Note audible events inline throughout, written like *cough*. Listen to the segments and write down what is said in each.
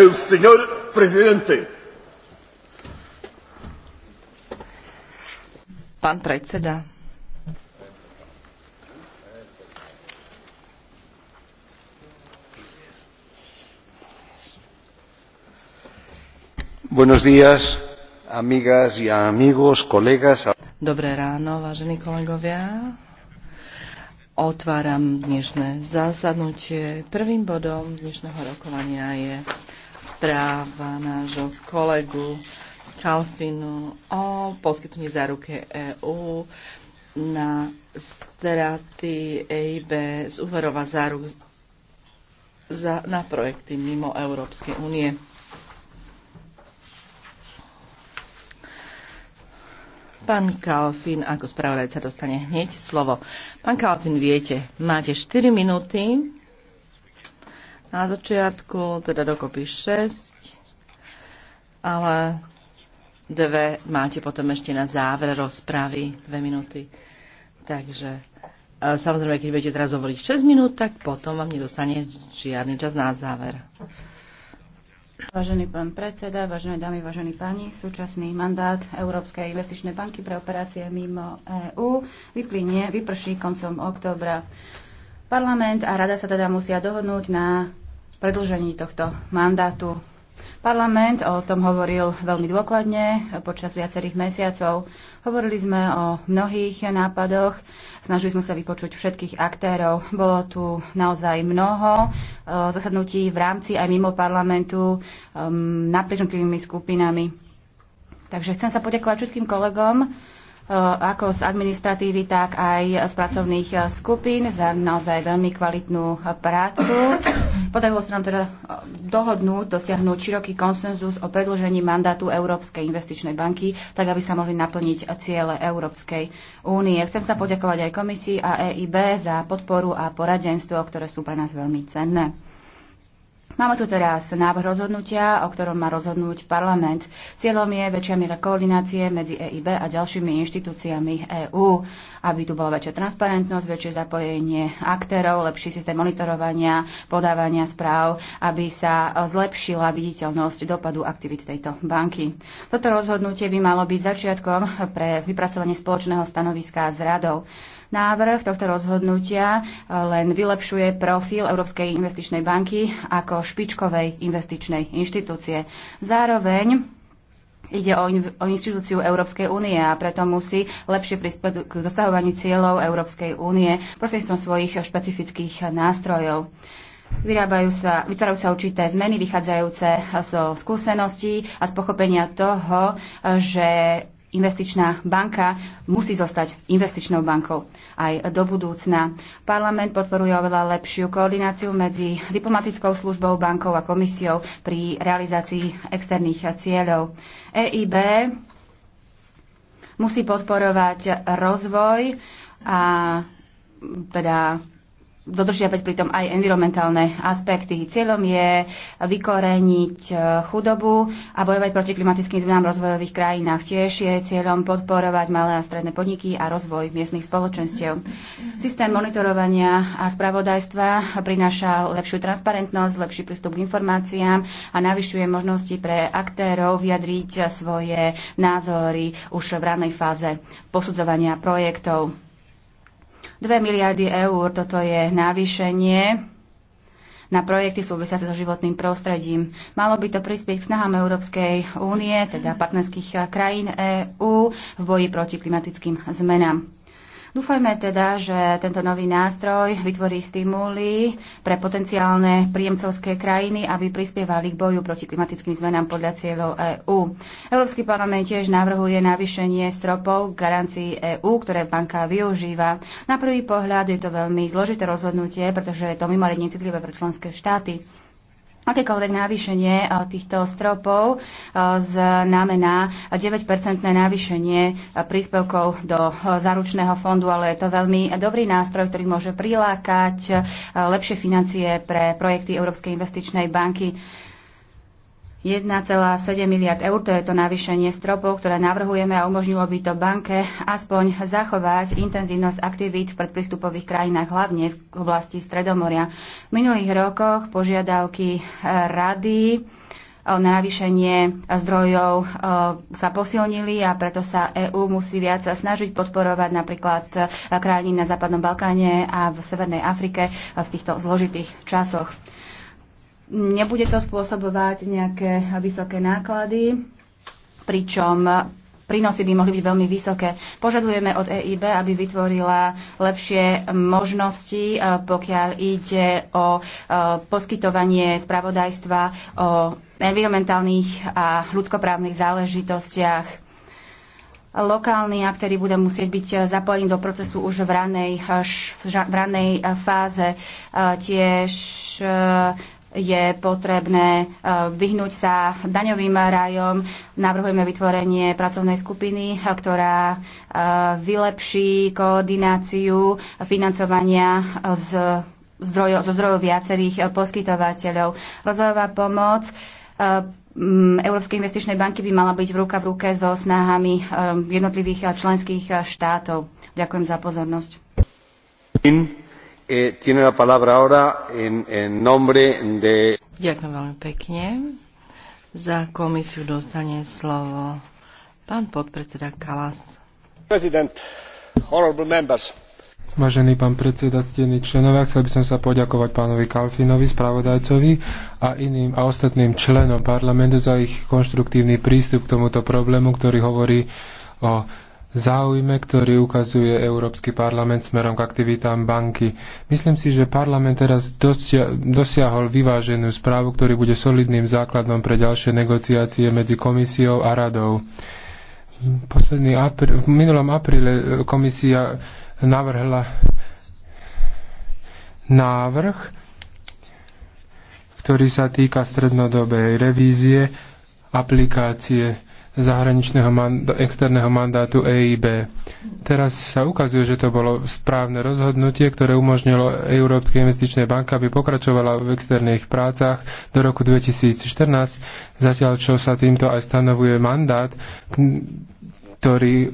el señor presidente. Pán predseda. Buenos días, amigas y amigos, colegas. Dobré ráno, vážení kolegovia. Otváram dnešné zasadnutie. Prvým bodom dnešného rokovania je správa nášho kolegu Kalfinu o poskytnutí záruke EÚ na straty EIB z úverova záruk za, na projekty mimo Európskej únie. Pán Kalfin, ako spravodajca, dostane hneď slovo. Pán Kalfin, viete, máte 4 minúty na začiatku, teda dokopy 6, ale dve máte potom ešte na záver rozpravy, dve minúty. Takže e, samozrejme, keď budete teraz hovoriť 6 minút, tak potom vám nedostane žiadny čas na záver. Vážený pán predseda, vážené dámy, vážení páni, súčasný mandát Európskej investičnej banky pre operácie mimo EÚ vyplynie, vyprší koncom októbra. Parlament a rada sa teda musia dohodnúť na predlžení tohto mandátu. Parlament o tom hovoril veľmi dôkladne počas viacerých mesiacov. Hovorili sme o mnohých nápadoch, snažili sme sa vypočuť všetkých aktérov. Bolo tu naozaj mnoho e, zasadnutí v rámci aj mimo parlamentu e, naprieč skupinami. Takže chcem sa poďakovať všetkým kolegom, Eh, ako z administratívy, tak aj z pracovných eh, skupín za naozaj veľmi kvalitnú eh, prácu. Podarilo sa nám teda dohodnúť, dosiahnuť široký konsenzus o predlžení mandátu Európskej investičnej banky, tak aby sa mohli naplniť ciele Európskej únie. Chcem sa poďakovať aj komisii a EIB za podporu a poradenstvo, ktoré sú pre nás veľmi cenné. Máme tu teraz návrh rozhodnutia, o ktorom má rozhodnúť parlament. Cieľom je väčšia miera koordinácie medzi EIB a ďalšími inštitúciami EÚ, aby tu bola väčšia transparentnosť, väčšie zapojenie aktérov, lepší systém monitorovania, podávania správ, aby sa zlepšila viditeľnosť dopadu aktivít tejto banky. Toto rozhodnutie by malo byť začiatkom pre vypracovanie spoločného stanoviska s radou. Návrh tohto rozhodnutia e, len vylepšuje profil Európskej investičnej banky ako špičkovej investičnej inštitúcie. Zároveň Ide o, o inštitúciu Európskej únie a preto musí lepšie prispieť k dosahovaniu cieľov Európskej únie prostredníctvom svojich špecifických nástrojov. Vyrábajú sa, vytvárajú sa určité zmeny vychádzajúce zo skúseností a z pochopenia toho, e, že investičná banka musí zostať investičnou bankou aj do budúcna. Parlament podporuje oveľa lepšiu koordináciu medzi diplomatickou službou, bankou a komisiou pri realizácii externých cieľov. EIB musí podporovať rozvoj a teda dodržiavať pritom aj environmentálne aspekty. Cieľom je vykoreniť e, chudobu a bojovať proti klimatickým zmenám v rozvojových krajinách. Tiež je cieľom podporovať malé a stredné podniky a rozvoj miestnych spoločenstiev. Systém monitorovania a spravodajstva prináša lepšiu transparentnosť, lepší prístup k informáciám a navyšuje možnosti pre aktérov vyjadriť svoje názory už v ranej fáze posudzovania projektov. 2 miliardy eur, toto je navýšenie na projekty súvisiace so životným prostredím. Malo by to prispieť k snahám Európskej únie, teda partnerských eh, krajín EÚ v boji proti klimatickým zmenám. Dúfajme teda, že tento nový nástroj vytvorí stimuly pre potenciálne príjemcovské krajiny, aby prispievali k boju proti klimatickým zmenám podľa cieľov EÚ. Európsky parlament tiež navrhuje navýšenie stropov garancií EÚ, ktoré banka využíva. Na prvý pohľad je to veľmi zložité rozhodnutie, pretože je to mimoriadne citlivé pre členské štáty. Akékoľvek navýšenie eh, týchto stropov eh, znamená 9-percentné navýšenie eh, príspevkov do záručného fondu, ale je to veľmi dobrý nástroj, ktorý môže prilákať lepšie financie pre projekty Európskej investičnej banky. 1,7 miliard eur, to je to navýšenie stropov, ktoré navrhujeme a umožnilo by to banke aspoň zachovať intenzívnosť aktivít v predpristupových krajinách, hlavne v oblasti Stredomoria. V minulých rokoch požiadavky eh, rady o eh, navýšenie zdrojov eh, sa posilnili a preto sa EÚ musí viac snažiť podporovať napríklad krajiny na Západnom Balkáne a v Severnej Afrike v týchto zložitých časoch. Nebude to spôsobovať nejaké vysoké náklady, pričom prínosy by mohli byť veľmi vysoké. Požadujeme od EIB, aby vytvorila lepšie možnosti, e, pokiaľ ide o e, poskytovanie spravodajstva o environmentálnych a ľudskoprávnych záležitostiach. Lokálni aktéry budú musieť byť e, zapojení do procesu už v ranej, v ranej fáze. Tiež je potrebné e, vyhnúť sa daňovým rajom. Navrhujeme vytvorenie pracovnej skupiny, e, ktorá e, vylepší koordináciu financovania z zdrojov, zo zdrojov viacerých poskytovateľov. Rozvojová pomoc Európskej investičnej banky by mala byť v ruka v ruke so snahami jednotlivých členských štátov. Ďakujem za pozornosť. In. Eh, tiene la Ďakujem veľmi pekne. Za komisiu dostane slovo pán podpredseda Kalas. Vážený pán predseda, ctení členovia, chcel by som sa poďakovať pánovi Kalfinovi, spravodajcovi a iným a ostatným členom parlamentu za ich konštruktívny prístup k tomuto problému, ktorý hovorí o záujme, ktorý ukazuje Európsky parlament smerom k aktivitám banky. Myslím si, že parlament teraz dosiahol vyváženú správu, ktorý bude solidným základom pre ďalšie negociácie medzi komisiou a radou. Posledný apr- v minulom apríle e, komisia navrhla návrh, ktorý sa týka strednodobej revízie aplikácie zahraničného manda- externého mandátu EIB. Teraz sa ukazuje, že to bolo správne rozhodnutie, ktoré umožnilo Európskej investičnej banke, aby pokračovala v externých prácach do roku 2014, zatiaľ čo sa týmto aj stanovuje mandát, ktorý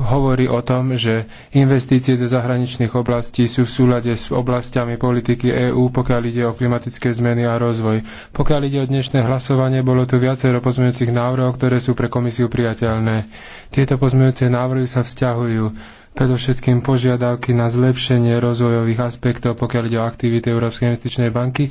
hovorí o tom, že investície do zahraničných oblastí sú v súlade s oblastiami politiky EÚ, pokiaľ ide o klimatické zmeny a rozvoj. Pokiaľ ide o dnešné hlasovanie, bolo tu viacero pozmeňujúcich návrhov, ktoré sú pre komisiu priateľné. Tieto pozmeňujúce návrhy sa vzťahujú predovšetkým požiadavky na zlepšenie rozvojových aspektov, pokiaľ ide o aktivity Európskej investičnej banky. E,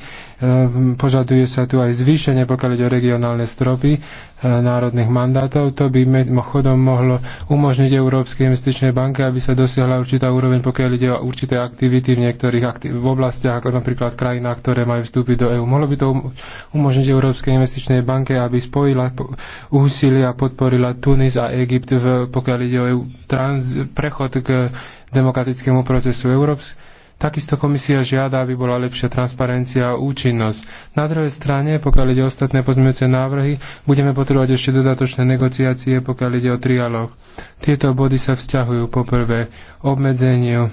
požaduje sa tu aj zvýšenie, pokiaľ ide o regionálne stropy e, národných mandátov. To by chodom mohlo umožniť Európskej investičnej banke, aby sa dosiahla určitá úroveň, pokiaľ ide o určité aktivity v niektorých aktiv- v oblastiach, ako napríklad krajinách, ktoré majú vstúpiť do EÚ. Mohlo by to um- umožniť Európskej investičnej banke, aby spojila úsilie a podporila Tunis a Egypt, v, pokiaľ ide o EU, trans- prechod k demokratickému procesu Európs. Takisto komisia žiada, aby bola lepšia transparencia a účinnosť. Na druhej strane, pokiaľ ide o ostatné pozmeňujúce návrhy, budeme potrebovať ešte dodatočné negociácie, pokiaľ ide o trialog. Tieto body sa vzťahujú poprvé obmedzeniu,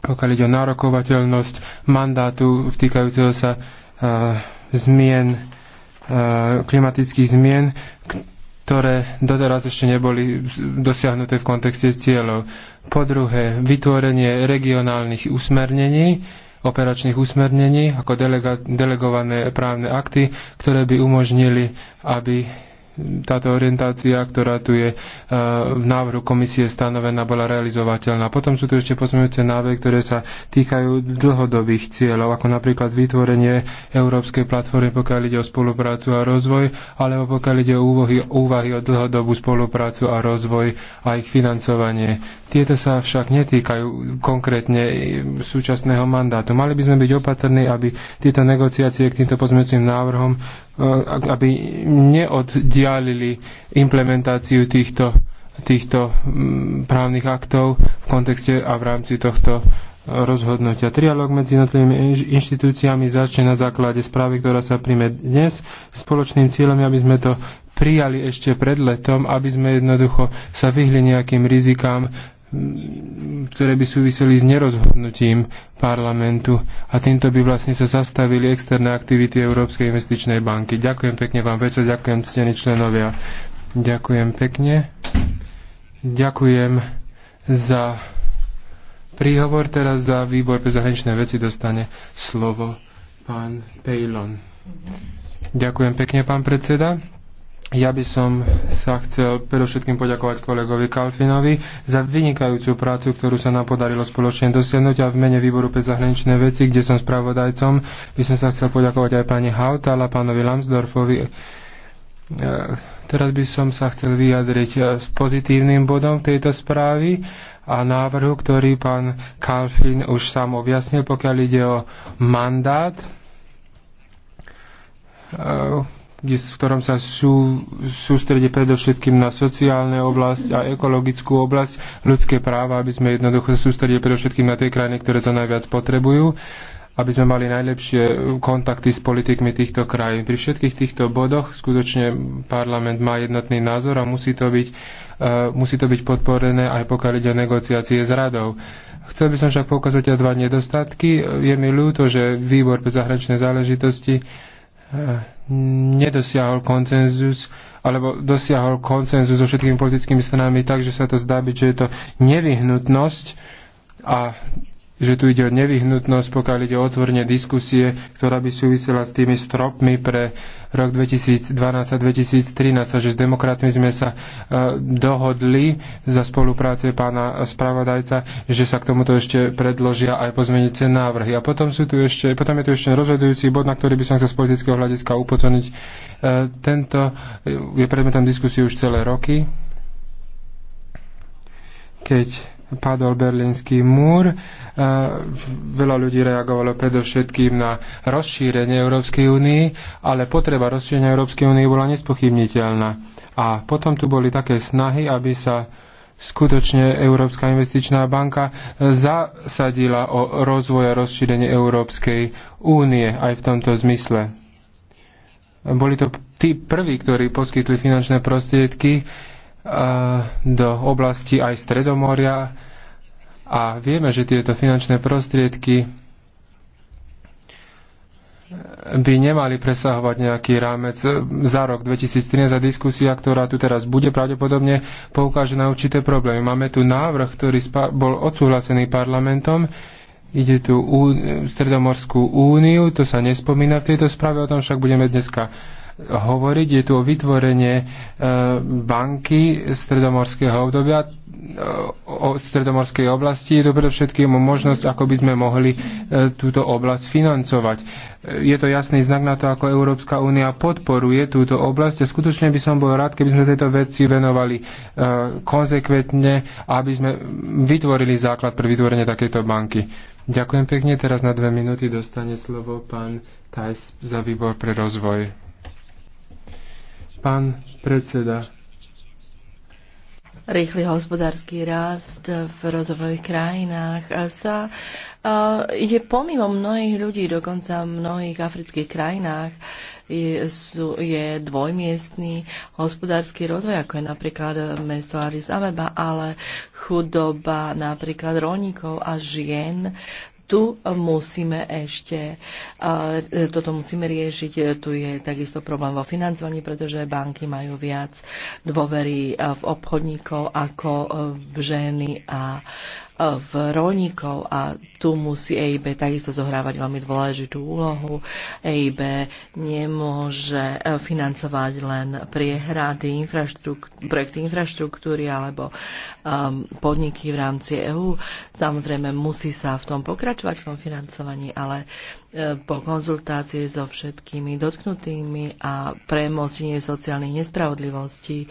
pokiaľ ide o nárokovateľnosť mandátu vtýkajúceho sa uh, zmien, uh, klimatických zmien, ktoré doteraz ešte neboli dosiahnuté v kontexte cieľov. Po druhé, vytvorenie regionálnych usmernení, operačných usmernení ako delega, delegované právne akty, ktoré by umožnili, aby táto orientácia, ktorá tu je e, v návrhu komisie stanovená, bola realizovateľná. Potom sú tu ešte pozmeňujúce návrhy, ktoré sa týkajú dlhodobých cieľov, ako napríklad vytvorenie Európskej platformy, pokiaľ ide o spoluprácu a rozvoj, alebo pokiaľ ide o úvahy, úvahy o dlhodobú spoluprácu a rozvoj a ich financovanie. Tieto sa však netýkajú konkrétne súčasného mandátu. Mali by sme byť opatrní, aby tieto negociácie k týmto pozmeňujúcim návrhom aby neoddialili implementáciu týchto, týchto mm, právnych aktov v kontexte a v rámci tohto e, rozhodnutia. Trialóg medzi jednotlivými inštitúciami začne na základe správy, ktorá sa príjme dnes. Spoločným cieľom je, aby sme to prijali ešte pred letom, aby sme jednoducho sa vyhli nejakým rizikám ktoré by súviseli s nerozhodnutím parlamentu a týmto by vlastne sa zastavili externé aktivity Európskej investičnej banky. Ďakujem pekne vám, veca, ďakujem ctení členovia. Ďakujem pekne. Ďakujem za príhovor. Teraz za výbor pre zahraničné veci dostane slovo pán Pejlon. Ďakujem pekne, pán predseda. Ja by som sa chcel predovšetkým poďakovať kolegovi Kalfinovi za vynikajúcu prácu, ktorú sa nám podarilo spoločne dosiahnuť a v mene výboru pre zahraničné veci, kde som spravodajcom, by som sa chcel poďakovať aj pani a pánovi Lambsdorfovi. E, teraz by som sa chcel vyjadriť e, s pozitívnym bodom tejto správy a návrhu, ktorý pán Kalfin už sám objasnil, pokiaľ ide o mandát e, v ktorom sa sú, sústredí predovšetkým na sociálne oblasť a ekologickú oblasť, ľudské práva, aby sme jednoducho sa sústredili predovšetkým na tie krajiny, ktoré to najviac potrebujú aby sme mali najlepšie kontakty s politikmi týchto krajín. Pri všetkých týchto bodoch skutočne parlament má jednotný názor a musí to byť, uh, musí to byť podporené aj pokiaľ ide o negociácie s radou. Chcel by som však poukázať aj dva nedostatky. Je mi ľúto, že výbor pre zahraničné záležitosti Eh, nedosiahol koncenzus alebo dosiahol koncenzus so všetkými politickými stranami tak, že sa to zdá byť, že je to nevyhnutnosť a že tu ide o nevyhnutnosť, pokiaľ ide o otvorenie diskusie, ktorá by súvisela s tými stropmi pre rok 2012 a 2013, že s demokratmi sme sa e, dohodli za spolupráce pána spravodajca, že sa k tomuto ešte predložia aj pozmenice návrhy. A potom, sú tu ešte, potom je tu ešte rozhodujúci bod, na ktorý by som chcel z politického hľadiska upozorniť. E, tento e, je predmetom diskusie už celé roky, keď padol berlínsky múr. E, veľa ľudí reagovalo predovšetkým na rozšírenie Európskej únii, ale potreba rozšírenia Európskej únie bola nespochybniteľná. A potom tu boli také snahy, aby sa skutočne Európska investičná banka zasadila o rozvoj a rozšírenie Európskej únie aj v tomto zmysle. Boli to tí prví, ktorí poskytli finančné prostriedky Eh, do oblasti aj Stredomoria a vieme, že tieto finančné prostriedky by nemali presahovať nejaký rámec eh, za rok 2013 za diskusia, ktorá tu teraz bude, pravdepodobne poukáže na určité problémy. Máme tu návrh, ktorý bol odsúhlasený parlamentom. Ide tu Stredomorskú úniu, to sa nespomína v tejto správe, o tom však budeme dneska hovoriť. Je tu o vytvorenie e, banky stredomorského obdobia, e, o stredomorskej oblasti. Je to predovšetkým možnosť, ako by sme mohli e, túto oblasť financovať. Je to jasný znak na to, ako Európska únia podporuje túto oblasť a skutočne by som bol rád, keby sme tejto veci venovali konzekventne, aby sme vytvorili základ pre vytvorenie takejto banky. Ďakujem pekne. Teraz na dve minúty dostane slovo pán Tajs za výbor pre rozvoj. Pán predseda. Rýchly hospodársky rast v rozvojových krajinách a sa a ide pomimo mnohých ľudí, dokonca v mnohých afrických krajinách je, sú, je dvojmiestný hospodársky rozvoj, ako je napríklad mesto Aris Abeba, ale chudoba napríklad rolníkov a žien tu musíme ešte, e, toto musíme riešiť. E, tu je takisto problém vo financovaní, pretože banky majú viac dôvery e, v obchodníkov ako v ženy a v rolníkov a tu musí EIB takisto zohrávať veľmi dôležitú úlohu. EIB nemôže e, financovať len priehrady, infraštruktúry, projekty infraštruktúry alebo um, podniky v rámci EÚ. Samozrejme, musí sa v tom pokračovať, v tom financovaní, ale e, po konzultácii so všetkými dotknutými a premostenie sociálnych nespravodlivostí.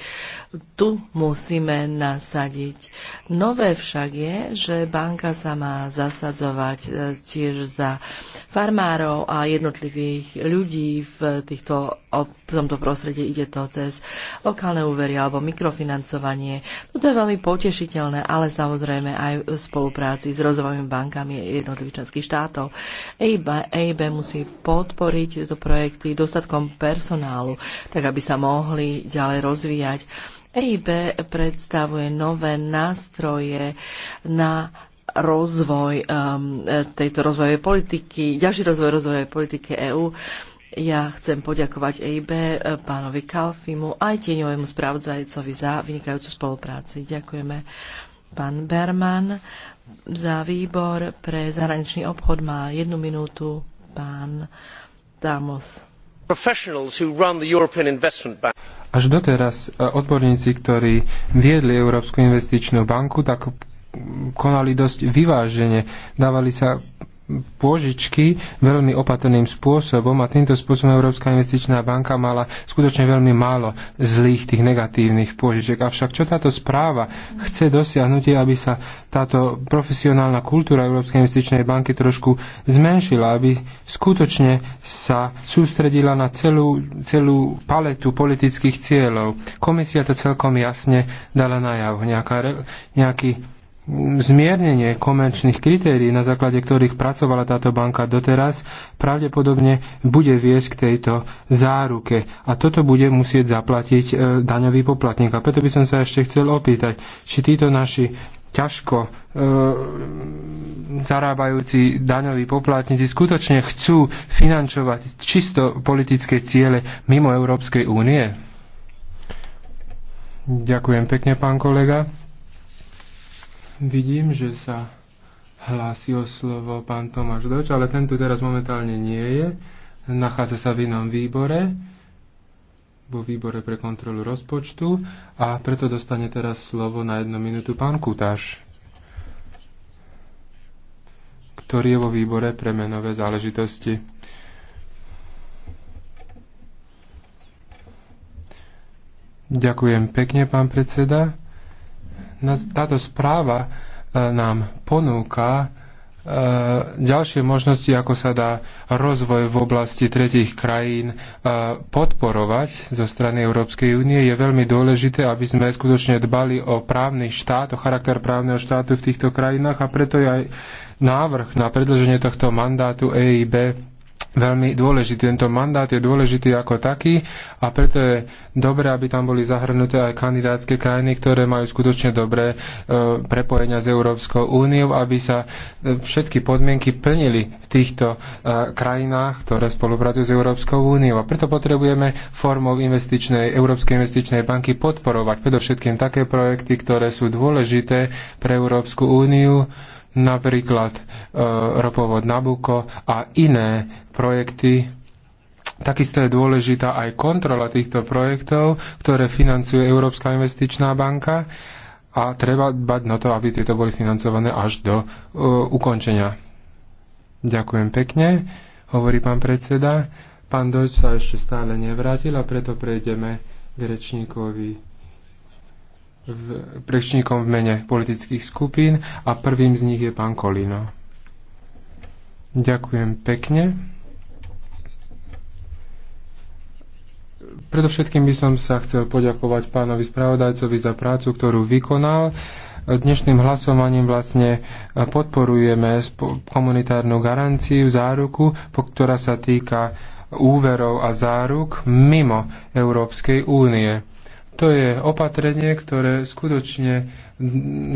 Tu musíme nasadiť. Nové však je, že banka sa má zasadzovať presadzovať e, tiež za farmárov a jednotlivých ľudí v, týchto, v tomto prostredí. Ide to cez lokálne úvery alebo mikrofinancovanie. Toto no je veľmi potešiteľné, ale samozrejme aj v spolupráci s rozvojovými bankami jednotlivých členských štátov. EIB, EIB musí podporiť tieto projekty dostatkom personálu, tak aby sa mohli ďalej rozvíjať. EIB predstavuje nové nástroje na rozvoj um, tejto rozvojovej politiky, ďalší rozvoj rozvojovej politiky EÚ. Ja chcem poďakovať EIB, eh, pánovi Kalfimu aj tieňovému správcajcovi za vynikajúcu spolupráci. Ďakujeme pán Berman za výbor pre zahraničný obchod má jednu minútu pán Damos. Až doteraz eh, odborníci, ktorí viedli Európsku investičnú banku, tak konali dosť vyvážene. Dávali sa pôžičky veľmi opatrným spôsobom a týmto spôsobom Európska investičná banka mala skutočne veľmi málo zlých tých negatívnych pôžičiek. Avšak čo táto správa chce dosiahnuť je, aby sa táto profesionálna kultúra Európskej investičnej banky trošku zmenšila, aby skutočne sa sústredila na celú, celú paletu politických cieľov. Komisia to celkom jasne dala najav. Nejaká, nejaký zmiernenie komerčných kritérií, na základe ktorých pracovala táto banka doteraz, pravdepodobne bude viesť k tejto záruke. A toto bude musieť zaplatiť e, daňový poplatník. A preto by som sa ešte chcel opýtať, či títo naši ťažko e, zarábajúci daňoví poplatníci skutočne chcú finančovať čisto politické ciele mimo Európskej únie? Ďakujem pekne, pán kolega. Vidím, že sa hlásil slovo pán Tomáš Doč, ale ten tu teraz momentálne nie je. Nachádza sa v inom výbore, vo výbore pre kontrolu rozpočtu a preto dostane teraz slovo na jednu minútu pán Kutáš, ktorý je vo výbore pre menové záležitosti. Ďakujem pekne, pán predseda táto správa e, nám ponúka e, ďalšie možnosti, ako sa dá rozvoj v oblasti tretich krajín e, podporovať zo strany Európskej únie, je veľmi dôležité, aby sme skutočne dbali o právny štát, o charakter právneho štátu v týchto krajinách a preto je aj návrh na predlženie tohto mandátu EIB veľmi dôležitý. Tento mandát je dôležitý ako taký a preto je dobré, aby tam boli zahrnuté aj kandidátske krajiny, ktoré majú skutočne dobré e, prepojenia s Európskou úniou, aby sa e, všetky podmienky plnili v týchto e, krajinách, ktoré spolupracujú s Európskou úniou. A preto potrebujeme formou investičnej, Európskej investičnej banky podporovať predovšetkým také projekty, ktoré sú dôležité pre Európsku úniu, napríklad e, ropovod Nabuko a iné projekty. Takisto je dôležitá aj kontrola týchto projektov, ktoré financuje Európska investičná banka a treba dbať na to, aby tieto boli financované až do e, ukončenia. Ďakujem pekne, hovorí pán predseda. Pán Doč sa ešte stále nevrátil a preto prejdeme k rečníkovi v, prečníkom v mene politických skupín a prvým z nich je pán Kolino. Ďakujem pekne. Predovšetkým by som sa chcel poďakovať pánovi spravodajcovi za prácu, ktorú vykonal. Dnešným hlasovaním vlastne podporujeme komunitárnu garanciu, záruku, ktorá sa týka úverov a záruk mimo Európskej únie to je opatrenie, ktoré skutočne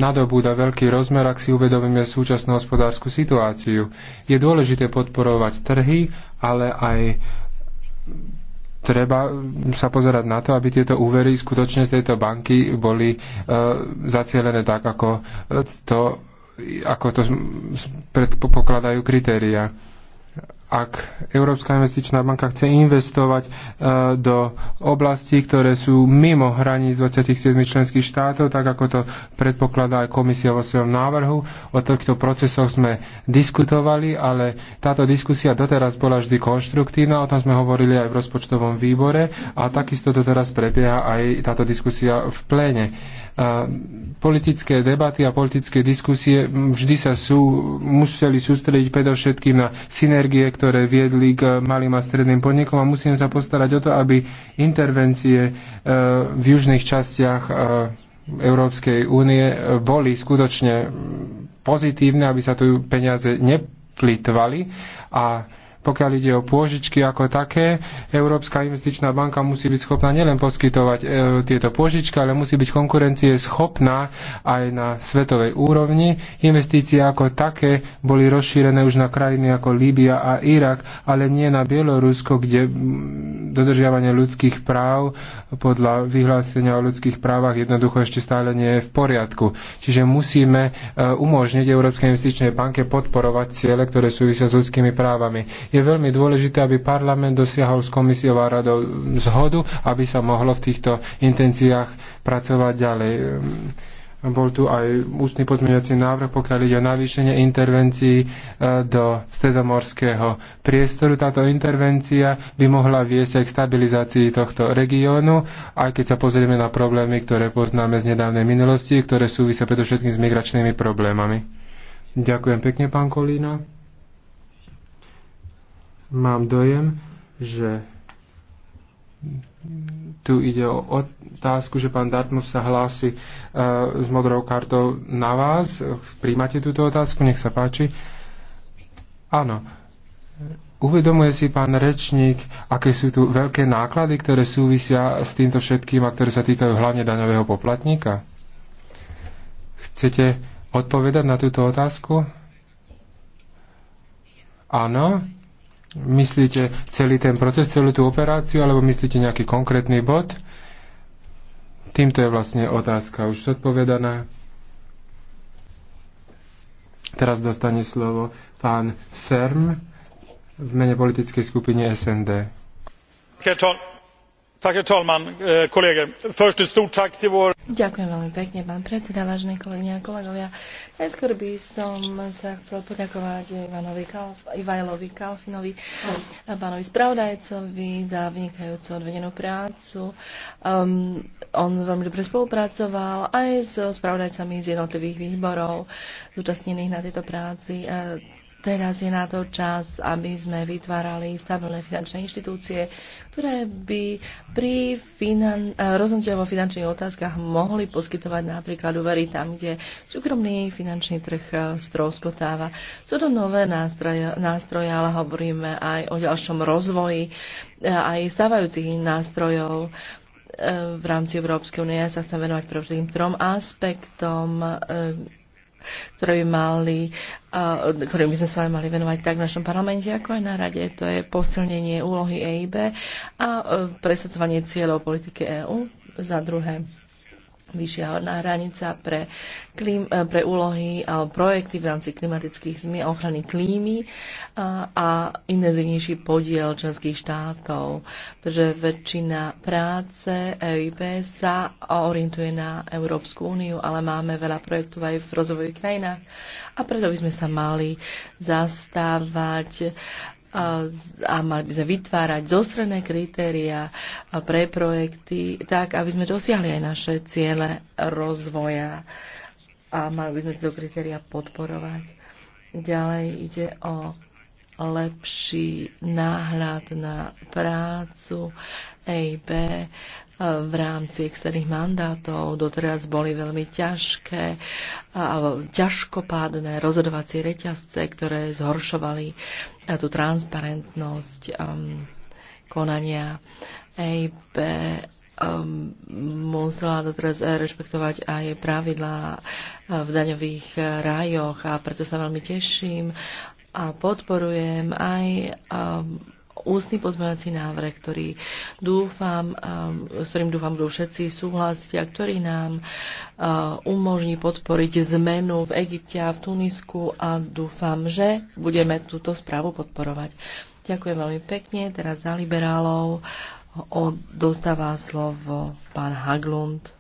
nadobúda veľký rozmer, ak si uvedomíme súčasnú hospodárskú situáciu. Je dôležité podporovať trhy, ale aj treba sa pozerať na to, aby tieto úvery skutočne z tejto banky boli e, zacielené tak, ako to, ako to predpokladajú kritéria ak Európska investičná banka chce investovať e, do oblastí, ktoré sú mimo hraníc 27 členských štátov, tak ako to predpokladá aj komisia vo svojom návrhu. O týchto procesoch sme diskutovali, ale táto diskusia doteraz bola vždy konštruktívna, o tom sme hovorili aj v rozpočtovom výbore a takisto doteraz prebieha aj táto diskusia v pléne Politické debaty a politické diskusie vždy sa sú, museli sústrediť predovšetkým na synergie, ktoré viedli k malým a stredným podnikom a musíme sa postarať o to, aby intervencie e, v južných častiach e, Európskej únie e, boli skutočne pozitívne, aby sa tu peniaze neplitvali a pokiaľ ide o pôžičky ako také, Európska investičná banka musí byť schopná nielen poskytovať e, tieto pôžičky, ale musí byť konkurencie schopná aj na svetovej úrovni. Investície ako také boli rozšírené už na krajiny ako Líbia a Irak, ale nie na Bielorusko, kde dodržiavanie ľudských práv podľa vyhlásenia o ľudských právach jednoducho ešte stále nie je v poriadku. Čiže musíme e, umožniť Európskej investičnej banke podporovať ciele, ktoré súvisia s ľudskými právami. Je veľmi dôležité, aby parlament dosiahol s komisiou a radou zhodu, aby sa mohlo v týchto intenciách pracovať ďalej. Ehm, bol tu aj ústny pozmeňovací návrh, pokiaľ ide o navýšenie intervencií e, do stredomorského priestoru. Táto intervencia by mohla viesť aj k stabilizácii tohto regiónu, aj keď sa pozrieme na problémy, ktoré poznáme z nedávnej minulosti, ktoré súvisia predovšetkým s migračnými problémami. Ďakujem pekne, pán Kolína mám dojem, že tu ide o otázku, že pán Dartmus sa hlási uh, s modrou kartou na vás. Príjmate túto otázku? Nech sa páči. Áno. Uvedomuje si pán rečník, aké sú tu veľké náklady, ktoré súvisia s týmto všetkým a ktoré sa týkajú hlavne daňového poplatníka? Chcete odpovedať na túto otázku? Áno. Myslíte celý ten proces, celú tú operáciu, alebo myslíte nejaký konkrétny bod? Týmto je vlastne otázka už zodpovedaná. Teraz dostane slovo pán Ferm v mene politickej skupiny SND. Herr talman, eh, kolleger. Först ett stort Ďakujem veľmi pekne, pán predseda, vážne kolegyne a kolegovia. Najskôr by som sa chcel poďakovať Ivanovi Kalf, Ivajlovi Kalfinovi, a hm. pánovi spravodajcovi za vynikajúcu odvedenú prácu. Um, on veľmi dobre spolupracoval aj so spravodajcami z jednotlivých výborov zúčastnených na tejto práci. Uh, Teraz je na to čas, aby sme vytvárali stabilné finančné inštitúcie, ktoré by pri finan- eh, rozhodnutí o finančných otázkach mohli poskytovať napríklad úvery tam, kde súkromný finančný trh eh, stroskotáva. Sú to nové nástroje, nástroje, ale hovoríme aj o ďalšom rozvoji eh, aj stávajúcich nástrojov v rámci Európskej únie ja sa chcem venovať prvým trom aspektom ktoré by mali ktorým by sme sa aj mali venovať tak v našom parlamente, ako aj na rade. To je posilnenie úlohy EIB a e, presadzovanie cieľov politiky EÚ. Za druhé, vyššia horná hranica pre, klím, eh, pre úlohy alebo projekty v rámci klimatických zmien a ochrany klímy a, eh, a intenzívnejší podiel členských štátov, pretože väčšina práce EIP sa orientuje na Európsku úniu, ale máme veľa projektov aj v rozvojových krajinách a preto by sme sa mali zastávať a mali by sme vytvárať zostrené kritéria pre projekty, tak aby sme dosiahli aj naše ciele rozvoja a mali by sme tieto kritéria podporovať. Ďalej ide o lepší náhľad na prácu, EIB eh, v rámci externých mandátov doteraz boli veľmi ťažké alebo ťažkopádne rozhodovacie reťazce, ktoré zhoršovali eh, tú transparentnosť um, konania EIB um, musela doteraz rešpektovať aj pravidlá v daňových rájoch a preto sa veľmi teším a podporujem aj um, ústny pozmeňovací návrh, ktorý dúfam, um, s ktorým dúfam budú všetci súhlasiť a ktorý nám uh, umožní podporiť zmenu v Egypte a v Tunisku a dúfam, že budeme túto správu podporovať. Ďakujem veľmi pekne. Teraz za liberálov dostáva slovo pán Haglund.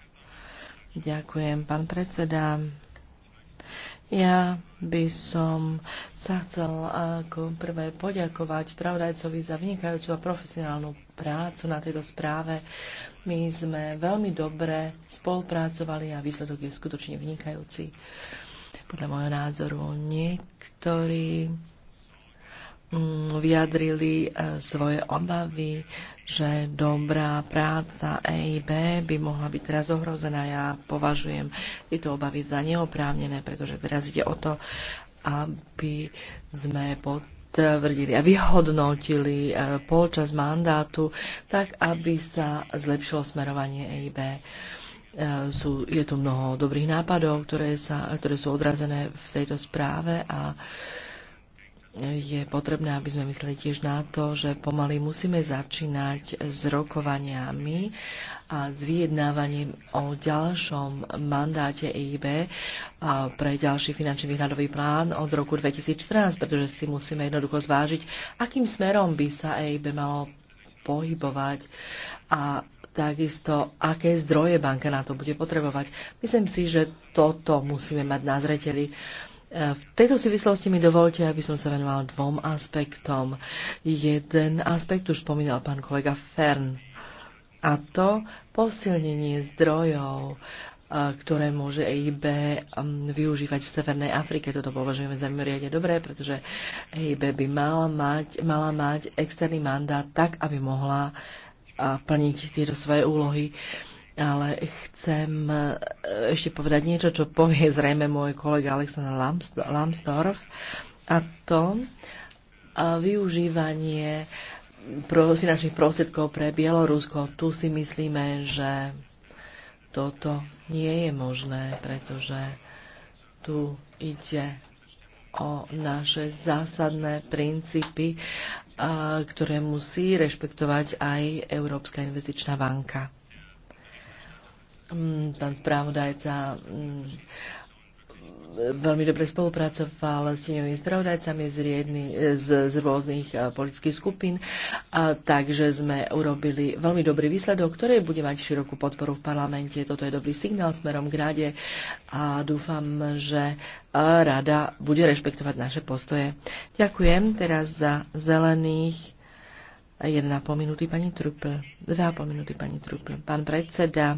Ďakujem, pán predseda. Ja by som sa chcel ako prvé poďakovať spravodajcovi za vynikajúcu a profesionálnu prácu na tejto správe. My sme veľmi dobre spolupracovali a výsledok je skutočne vynikajúci. Podľa môjho názoru niektorí mm, vyjadrili e, svoje obavy že dobrá práca EIB by mohla byť teraz ohrozená. Ja považujem tieto obavy za neoprávnené, pretože teraz ide o to, aby sme pod potvrdili a vyhodnotili e, počas mandátu, tak aby sa zlepšilo smerovanie EIB. E, sú, je tu mnoho dobrých nápadov, ktoré, sa, ktoré sú odrazené v tejto správe a uh, je potrebné, aby sme mysleli tiež na to, že pomaly musíme začínať s rokovaniami a s vyjednávaním o ďalšom mandáte EIB pre ďalší finančný výhľadový plán od roku 2014, pretože si musíme jednoducho zvážiť, akým smerom by sa EIB malo pohybovať a takisto, aké zdroje banka na to bude potrebovať. Myslím si, že toto musíme mať na zreteli. Uh, v tejto súvislosti mi dovolte, aby som sa venoval dvom aspektom. Jeden aspekt už spomínal pán kolega Fern, a to posilnenie zdrojov ktoré môže EIB využívať v Severnej Afrike. Toto považujeme za mimoriadne dobré, pretože EIB by mala mať, mala mať externý mandát tak, aby mohla plniť tieto svoje úlohy ale chcem eh, ešte povedať niečo, čo povie *laughs* zrejme môj kolega Alexander Lambsdorff a to a eh, využívanie finančných prostriedkov pre Bielorusko. Tu si myslíme, že toto nie je možné, pretože tu ide o naše zásadné princípy, eh, ktoré musí rešpektovať aj Európska investičná banka. Mm, pán správodajca mm, veľmi dobre spolupracoval s tieňovými spravodajcami z, riedny, z, z rôznych eh, politických skupín, a, takže sme urobili veľmi dobrý výsledok, ktorý bude mať širokú podporu v parlamente. Toto je dobrý signál smerom k rade a dúfam, že eh, rada bude rešpektovať naše postoje. Ďakujem teraz za zelených Jedna minúty pani Trupl, 2,5 minúty pani Trupl. Pán predseda,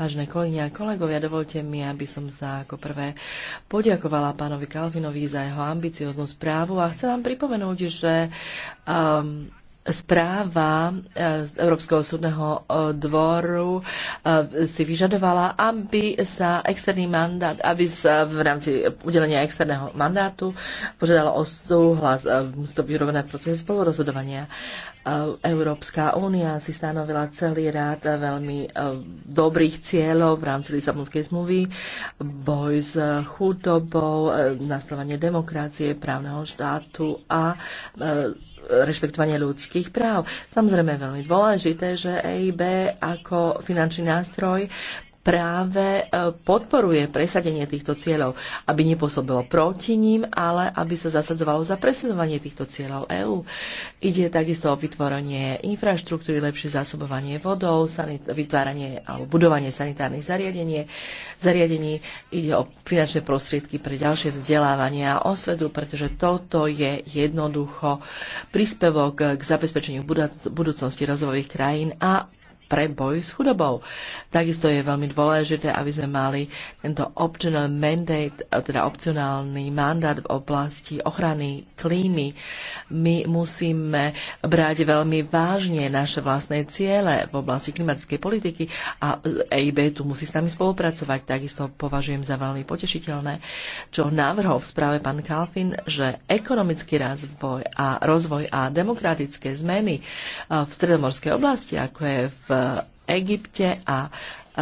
vážne kolegyne a kolegovia, dovolte mi, aby som sa ako prvé poďakovala pánovi Kalvinovi za jeho ambicióznu správu a chcem vám pripomenúť, že um, správa e, Európskeho súdneho e, dvoru e, si vyžadovala, aby sa externý mandát, aby sa v rámci udelenia externého mandátu požiadalo o súhlas, musí to byť urobené v procese spolurozhodovania. Európska únia si stanovila celý rád veľmi dobrých cieľov v rámci Lisabonskej zmluvy, boj s chudobou, nastavenie demokracie, právneho štátu a rešpektovanie ľudských práv. Samozrejme je veľmi dôležité, že EIB ako finančný nástroj práve e, podporuje presadenie týchto cieľov, aby nepôsobilo proti ním, ale aby sa zasadzovalo za presadzovanie týchto cieľov EÚ. Ide takisto o vytvorenie infraštruktúry, lepšie zásobovanie vodou, vytváranie alebo budovanie sanitárnych zariadení, zariadení. Ide o finančné prostriedky pre ďalšie vzdelávanie a osvedu, pretože toto je jednoducho príspevok k zabezpečeniu budúcnosti rozvojových krajín a pre boj s chudobou. Takisto je veľmi dôležité, aby sme mali tento optional mandate, teda opcionálny mandát v oblasti ochrany klímy. My musíme brať veľmi vážne naše vlastné ciele v oblasti klimatickej politiky a EIB tu musí s nami spolupracovať. Takisto považujem za veľmi potešiteľné, čo navrhol v správe pán Kalfin, že ekonomický rozvoj a rozvoj a demokratické zmeny v stredomorskej oblasti, ako je v Eh, Egypte a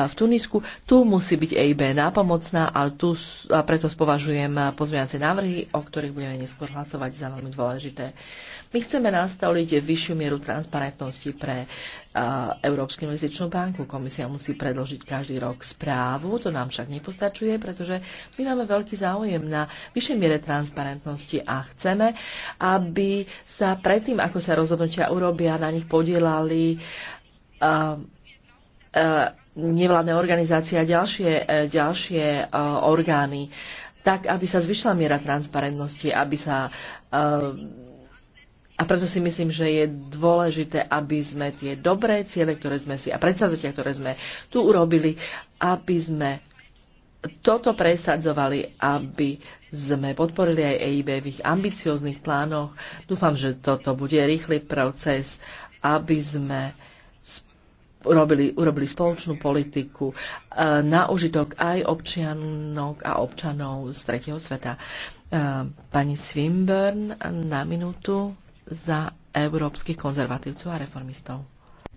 v Tunisku. Tu musí byť EIB nápomocná, ale tu, a preto spovažujem eh, pozmeňovacie návrhy, o ktorých budeme neskôr hlasovať za veľmi dôležité. My chceme nastaviť vyššiu mieru transparentnosti pre eh, Európsku investičnú banku. Komisia musí predložiť každý rok správu, to nám však nepostačuje, pretože my máme veľký záujem na vyššej miere transparentnosti a chceme, aby sa predtým, ako sa rozhodnutia urobia, na nich podielali uh, nevládne organizácie a ďalšie, e, ďalšie e, orgány, tak aby sa zvyšila miera transparentnosti, aby sa... E, a, preto si myslím, že je dôležité, aby sme tie dobré ciele, ktoré sme si a predstavzatia, ktoré sme tu urobili, aby sme toto presadzovali, aby sme podporili aj EIB v ich ambicióznych plánoch. Dúfam, že toto bude rýchly proces, aby sme robili, urobili spoločnú politiku e, na užitok aj občianok a občanov z tretieho sveta. E, pani Swinburne na minútu za európskych konzervatívcov a reformistov.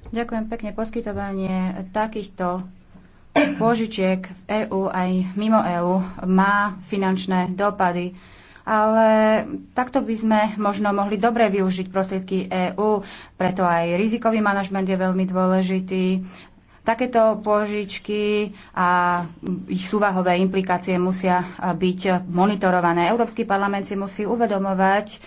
Ďakujem pekne. Poskytovanie takýchto pôžičiek v EÚ aj mimo EÚ má finančné dopady ale takto by sme možno mohli dobre využiť prostriedky EÚ, preto aj rizikový manažment je veľmi dôležitý. Takéto požičky a ich súvahové implikácie musia byť monitorované. Európsky parlament si musí uvedomovať,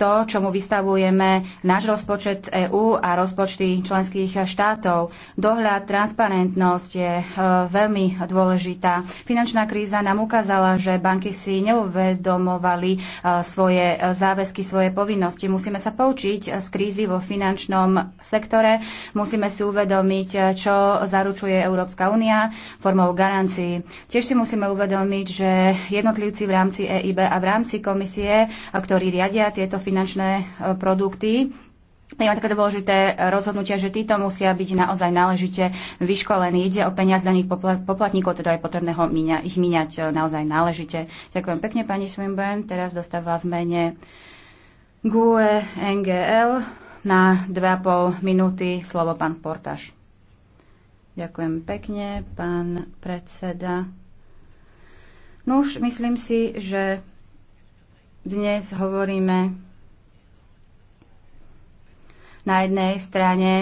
to, čomu vystavujeme náš rozpočet EÚ a rozpočty členských štátov. Dohľad, transparentnosť je eh, veľmi dôležitá. Finančná kríza nám ukázala, že banky si neuvedomovali eh, svoje eh, záväzky, svoje povinnosti. Musíme sa poučiť z krízy vo finančnom sektore. Musíme si uvedomiť, čo zaručuje Európska únia formou garancií. Tiež si musíme uvedomiť, že jednotlivci v rámci EIB a v rámci komisie, ktorí riadia tieto finančné finančné e, produkty, je také dôležité rozhodnutia, že títo musia byť naozaj náležite vyškolení. Ide o peniaz daných poplatníkov, teda je potrebné ho ich míňať e, naozaj náležite. Ďakujem pekne, pani Swinburn. Teraz dostáva v mene GUE NGL na 2,5 minúty slovo pán Portaž. Ďakujem pekne, pán predseda. No už myslím si, že dnes hovoríme na jednej strane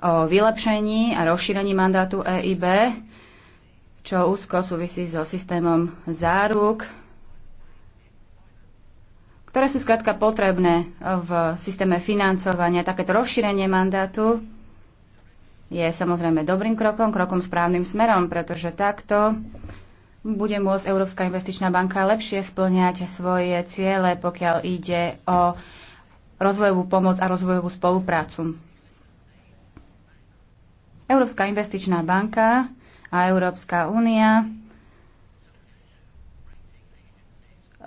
o vylepšení a rozšírení mandátu EIB, čo úzko súvisí so systémom záruk, ktoré sú skrátka potrebné v systéme financovania. Takéto rozšírenie mandátu je samozrejme dobrým krokom, krokom správnym smerom, pretože takto bude môcť Európska investičná banka lepšie splňať svoje ciele, pokiaľ ide o rozvojovú pomoc a rozvojovú spoluprácu. Európska investičná banka a Európska únia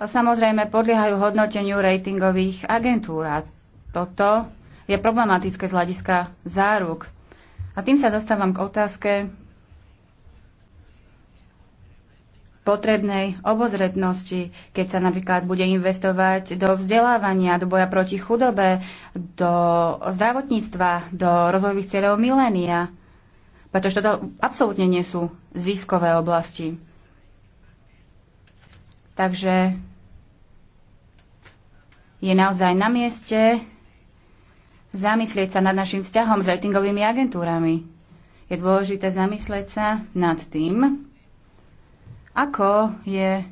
samozrejme podliehajú hodnoteniu ratingových agentúr a toto je problematické z hľadiska záruk. A tým sa dostávam k otázke, potrebnej obozretnosti, keď sa napríklad bude investovať do vzdelávania, do boja proti chudobe, do zdravotníctva, do rozvojových cieľov milénia, pretože toto absolútne nie sú ziskové oblasti. Takže je naozaj na mieste zamyslieť sa nad našim vzťahom s ratingovými agentúrami. Je dôležité zamyslieť sa nad tým, ako je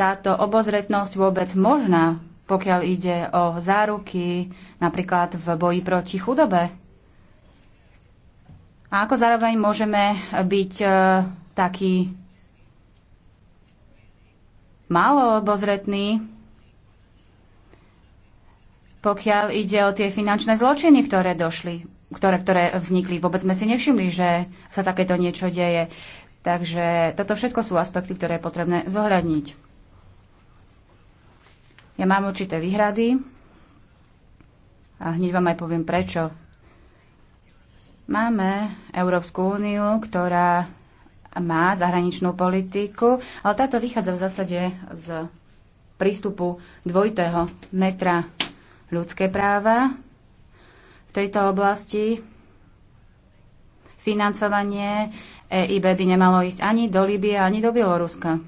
táto obozretnosť vôbec možná, pokiaľ ide o záruky napríklad v boji proti chudobe? A ako zároveň môžeme byť e, taký málo obozretný, pokiaľ ide o tie finančné zločiny, ktoré došli, ktoré, ktoré vznikli. Vôbec sme si nevšimli, že sa takéto niečo deje. Takže toto všetko sú aspekty, ktoré je potrebné zohľadniť. Ja mám určité výhrady a hneď vám aj poviem prečo. Máme Európsku úniu, ktorá má zahraničnú politiku, ale táto vychádza v zásade z prístupu dvojitého metra ľudské práva v tejto oblasti, financovanie EIB by nemalo ísť ani do Líbie, ani do Bieloruska.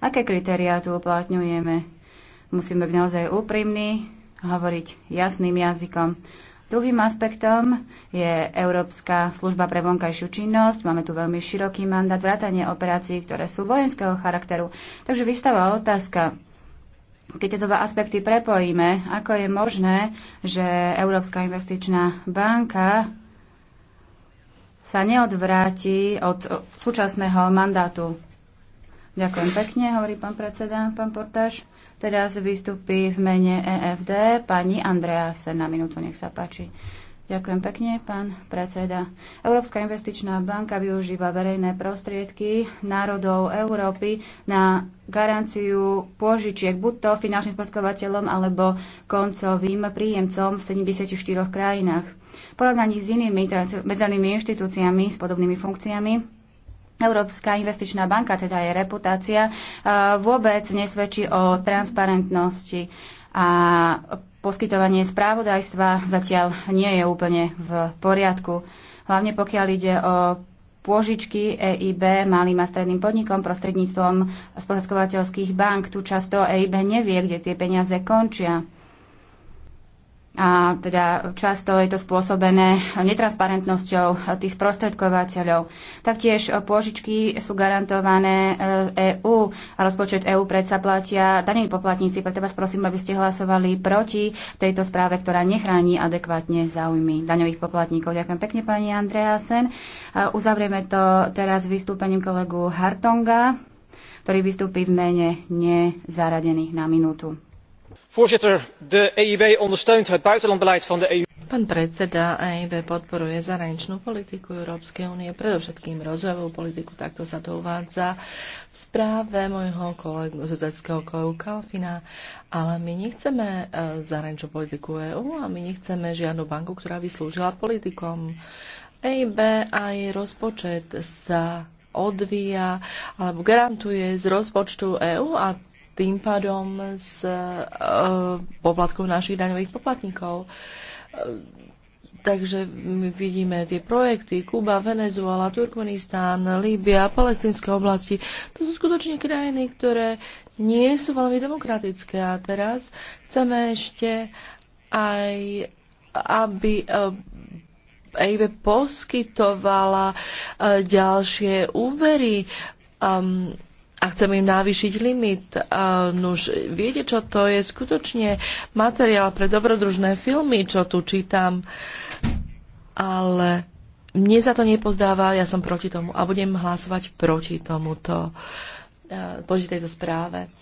Aké kritériá tu uplatňujeme? Musíme byť naozaj úprimní, hovoriť jasným jazykom. Druhým aspektom je Európska služba pre vonkajšiu činnosť. Máme tu veľmi široký mandát vrátanie operácií, ktoré sú vojenského charakteru. Takže vystáva otázka, keď tieto dva aspekty prepojíme, ako je možné, že Európska investičná banka sa neodvráti od súčasného mandátu. Ďakujem pekne, hovorí pán predseda, pán Portáš. Teraz vystupí v mene EFD pani Andrea Sen na minútu, nech sa páči. Ďakujem pekne, pán predseda. Európska investičná banka využíva verejné prostriedky národov Európy na garanciu pôžičiek buď to finančným sprostkovateľom alebo koncovým príjemcom v 74 krajinách. V porovnaní s inými medzinárodnými inštitúciami s podobnými funkciami Európska investičná banka, teda je reputácia, eh, vôbec nesvedčí o transparentnosti a poskytovanie správodajstva zatiaľ nie je úplne v poriadku. Hlavne pokiaľ ide o pôžičky EIB malým a stredným podnikom prostredníctvom sprostkovateľských bank. Tu často EIB nevie, kde tie peniaze končia a teda často je to spôsobené netransparentnosťou tých sprostredkovateľov. Taktiež pôžičky sú garantované EÚ e a rozpočet EÚ predsa platia daní poplatníci, preto vás prosím, aby ste hlasovali proti tejto správe, ktorá nechráni adekvátne záujmy daňových poplatníkov. Ďakujem pekne, pani Andreasen. Uzavrieme to teraz vystúpením kolegu Hartonga, ktorý vystúpi v mene nezaradených na minútu voorzitter de eib ondersteunt het van de eu. Pán predseda, EIB podporuje zahraničnú politiku Európskej únie, predovšetkým rozvojovú politiku, takto sa to uvádza v správe môjho kolegu, zuzeckého kolegu Kalfina, ale my nechceme e, zahraničnú politiku EÚ a my nechceme žiadnu banku, ktorá by slúžila politikom. EIB a jej rozpočet sa odvíja alebo garantuje z rozpočtu EÚ a tým pádom s e, poplatkom našich daňových poplatníkov. E, takže my vidíme tie projekty Kuba, Venezuela, Turkmenistán, Líbia, palestinské oblasti. To sú skutočne krajiny, ktoré nie sú veľmi demokratické. A teraz chceme ešte aj, aby EIB poskytovala e, ďalšie úvery um, a chcem im navýšiť limit. Uh, nuž, viete, čo to je skutočne materiál pre dobrodružné filmy, čo tu čítam, ale mne sa to nepozdáva, ja som proti tomu a budem hlasovať proti tomuto, uh, proti tejto správe.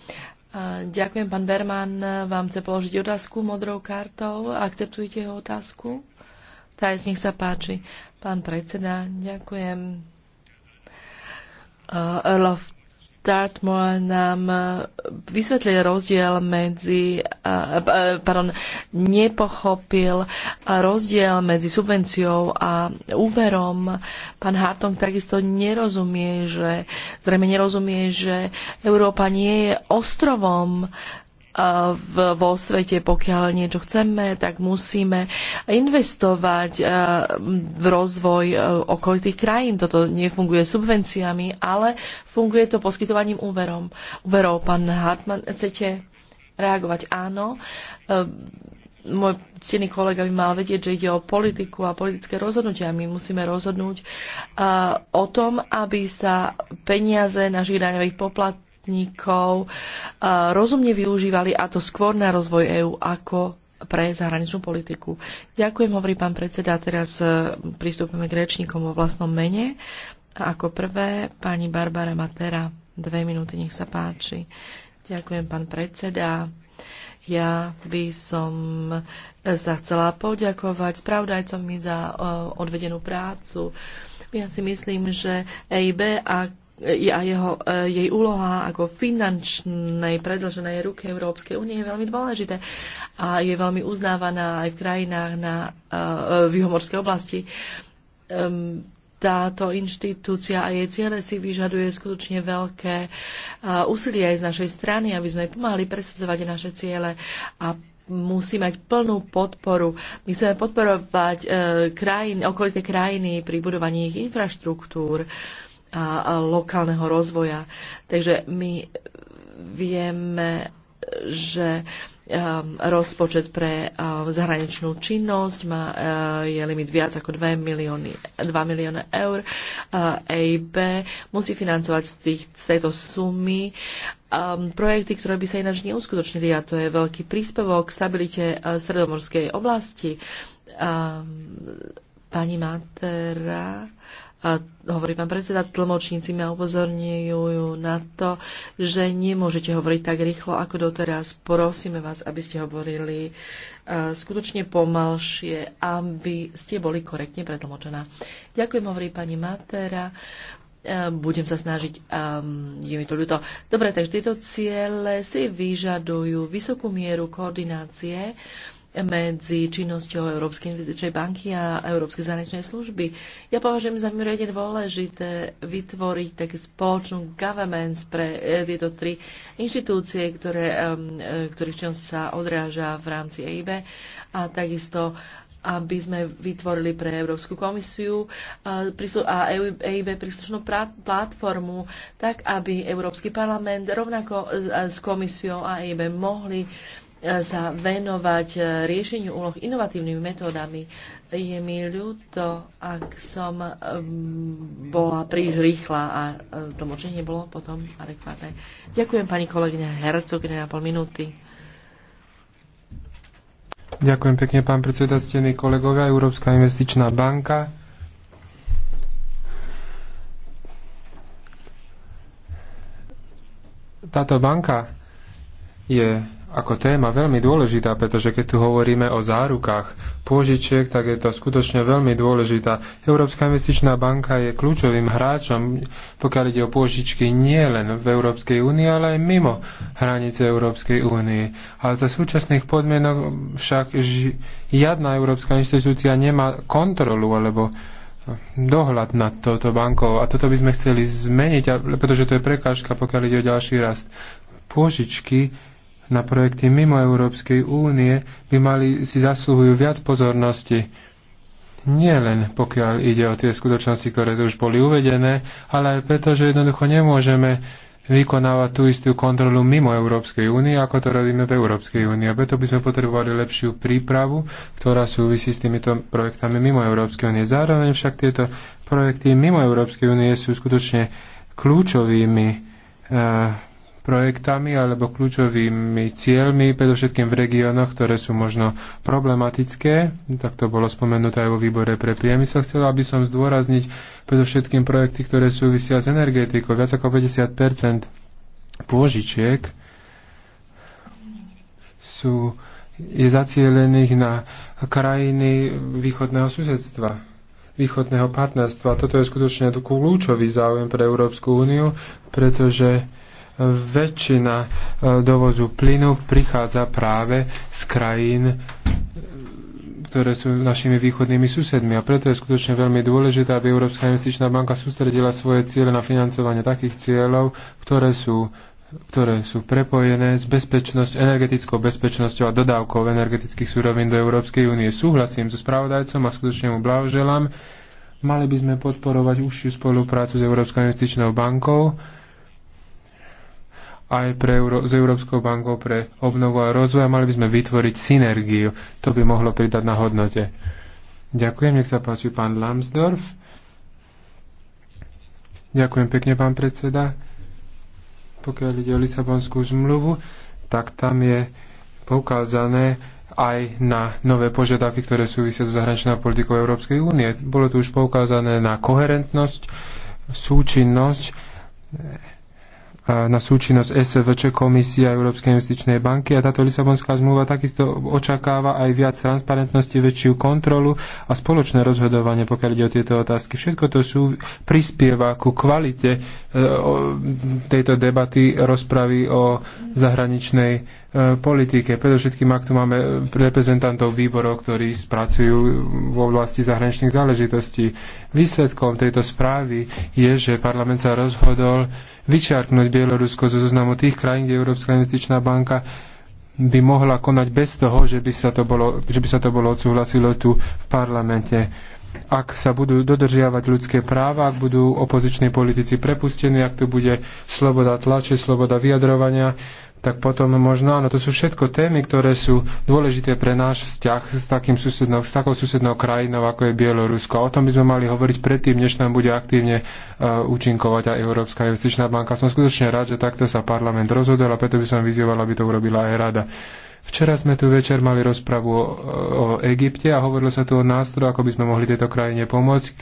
ďakujem, pán Berman, vám chce položiť otázku modrou kartou. Akceptujete jeho otázku? Tá, z nech sa páči. Pán predseda, ďakujem. Uh, Erlof Dartmoor nám e, vysvetlil rozdiel medzi, e, pardon, nepochopil rozdiel medzi subvenciou a úverom. Pán Harton takisto nerozumie, že, zrejme nerozumie, že Európa nie je ostrovom, vo svete, pokiaľ niečo chceme, tak musíme investovať e, v rozvoj e, okolitých krajín. Toto nefunguje subvenciami, ale funguje to poskytovaním úverom. Úverov, pán Hartman, chcete reagovať? Áno. E, môj ctený kolega by mal vedieť, že ide o politiku a politické rozhodnutia. My musíme rozhodnúť o tom, aby sa peniaze našich daňových poplat poplatníkov eh, rozumne využívali a to skôr na rozvoj EÚ ako pre zahraničnú politiku. Ďakujem, hovorí pán predseda. Teraz eh, pristúpime k rečníkom vo vlastnom mene. A ako prvé, pani Barbara Matera. Dve minúty, nech sa páči. Ďakujem, pán predseda. Ja by som eh, sa chcela poďakovať spravodajcom mi za odvedenú prácu. Ja si myslím, že EIB ako a jeho, e, jej úloha ako finančnej predlženej ruky Európskej únie je veľmi dôležité a je veľmi uznávaná aj v krajinách na, e, e, v juhomorskej oblasti. Táto inštitúcia a jej ciele si vyžaduje skutočne veľké úsilie aj z našej strany, aby sme pomáhali presadzovať naše ciele a musí mať plnú podporu. My chceme podporovať e, okolité krajiny pri budovaní ich infraštruktúr. E, a, lokálneho rozvoja. Takže my vieme, že um, rozpočet pre um, zahraničnú činnosť má, uh, je limit viac ako 2 milióny, 2 milióny eur. EIB musí financovať z, tých, z tejto sumy um, projekty, ktoré by sa ináč neuskutočnili a to je veľký príspevok k stabilite uh, stredomorskej oblasti. Pani Matera a hovorí pán predseda, tlmočníci ma upozorňujú na to, že nemôžete hovoriť tak rýchlo ako doteraz. Prosíme vás, aby ste hovorili e, skutočne pomalšie, aby ste boli korektne pretlmočená. Ďakujem, hovorí pani Matera e, budem sa snažiť, um, je mi to ľúto. Dobre, takže tieto ciele si vyžadujú vysokú mieru koordinácie medzi činnosťou Európskej investičnej banky a Európskej zahraničnej služby. Ja považujem za mimoriadne dôležité vytvoriť také spoločnú governance pre e, tieto tri inštitúcie, ktoré, e, ktorých činnosť sa odráža v rámci EIB a takisto aby sme vytvorili pre Európsku komisiu e, a EIB príslušnú platformu, tak aby Európsky parlament rovnako s komisiou a EIB mohli sa venovať e, riešeniu úloh inovatívnymi metódami. Je mi ľúto, ak som e, bola príliš rýchla a e, tlmočenie bolo potom adekvátne. Ďakujem pani kolegyňa Hercogine na pol minúty. Ďakujem pekne, pán predseda, stení kolegovia. Európska investičná banka táto banka je ako téma veľmi dôležitá, pretože keď tu hovoríme o zárukách pôžičiek, tak je to skutočne veľmi dôležitá. Európska investičná banka je kľúčovým hráčom, pokiaľ ide o pôžičky nie len v Európskej únii, ale aj mimo hranice Európskej únie. A za súčasných podmienok však žiadna európska inštitúcia nemá kontrolu alebo dohľad nad touto bankou a toto by sme chceli zmeniť, pretože to je prekážka, pokiaľ ide o ďalší rast. Pôžičky na projekty mimo Európskej únie by mali si zasluhujú viac pozornosti. Nie len pokiaľ ide o tie skutočnosti, ktoré tu už boli uvedené, ale aj preto, že jednoducho nemôžeme vykonávať tú istú kontrolu mimo Európskej únie, ako to robíme v Európskej únie. A preto by sme potrebovali lepšiu prípravu, ktorá súvisí s týmito projektami mimo Európskej únie. Zároveň však tieto projekty mimo Európskej únie sú skutočne kľúčovými eh, projektami alebo kľúčovými cieľmi, predovšetkým v regiónoch, ktoré sú možno problematické. Tak to bolo spomenuté aj vo výbore pre priemysel. Chcela by som zdôrazniť predovšetkým projekty, ktoré súvisia s energetikou. Viac ako 50 pôžičiek sú, je zacielených na krajiny východného susedstva východného partnerstva. Toto je skutočne kľúčový záujem pre Európsku úniu, pretože väčšina e, dovozu plynu prichádza práve z krajín, e, ktoré sú našimi východnými susedmi. A preto je skutočne veľmi dôležité, aby Európska investičná banka sústredila svoje ciele na financovanie takých cieľov, ktoré sú ktoré sú prepojené s bezpečnosť, energetickou bezpečnosťou a dodávkou energetických súrovín do Európskej únie. Súhlasím so spravodajcom a skutočne mu blahoželám. Mali by sme podporovať užšiu spoluprácu s Európskou investičnou bankou aj pre Euró- s Európskou bankou pre obnovu a rozvoj a mali by sme vytvoriť synergiu. To by mohlo pridať na hodnote. Ďakujem, nech sa páči pán Lambsdorff. Ďakujem pekne, pán predseda. Pokiaľ ide o Lisabonskú zmluvu, tak tam je poukázané aj na nové požiadavky, ktoré súvisia so zahraničnou politikou Európskej únie. Bolo tu už poukázané na koherentnosť, súčinnosť, na súčinnosť SVČ Komisia Európskej investičnej banky a táto Lisabonská zmluva takisto očakáva aj viac transparentnosti, väčšiu kontrolu a spoločné rozhodovanie, pokiaľ ide o tieto otázky. Všetko to sú, prispieva ku kvalite e, tejto debaty, rozpravy o zahraničnej e, politike. Predovšetkým, ak tu máme reprezentantov výborov, ktorí spracujú v oblasti zahraničných záležitostí. Výsledkom tejto správy je, že parlament sa rozhodol vyčarknúť Bielorusko zo zoznamu tých krajín, kde Európska investičná banka by mohla konať bez toho, že by sa to bolo, že by sa to bolo odsúhlasilo tu v parlamente. Ak sa budú dodržiavať ľudské práva, ak budú opoziční politici prepustení, ak tu bude sloboda tlače, sloboda vyjadrovania, tak potom možno, áno, to sú všetko témy, ktoré sú dôležité pre náš vzťah s, takým susednou, s takou susednou krajinou, ako je Bielorusko. o tom by sme mali hovoriť predtým, než nám bude aktívne uh, účinkovať aj Európska investičná banka. Som skutočne rád, že takto sa parlament rozhodol a preto by som vyzýval, aby to urobila aj rada. Včera sme tu večer mali rozpravu o, o Egypte a hovorilo sa tu o nástroju, ako by sme mohli tejto krajine pomôcť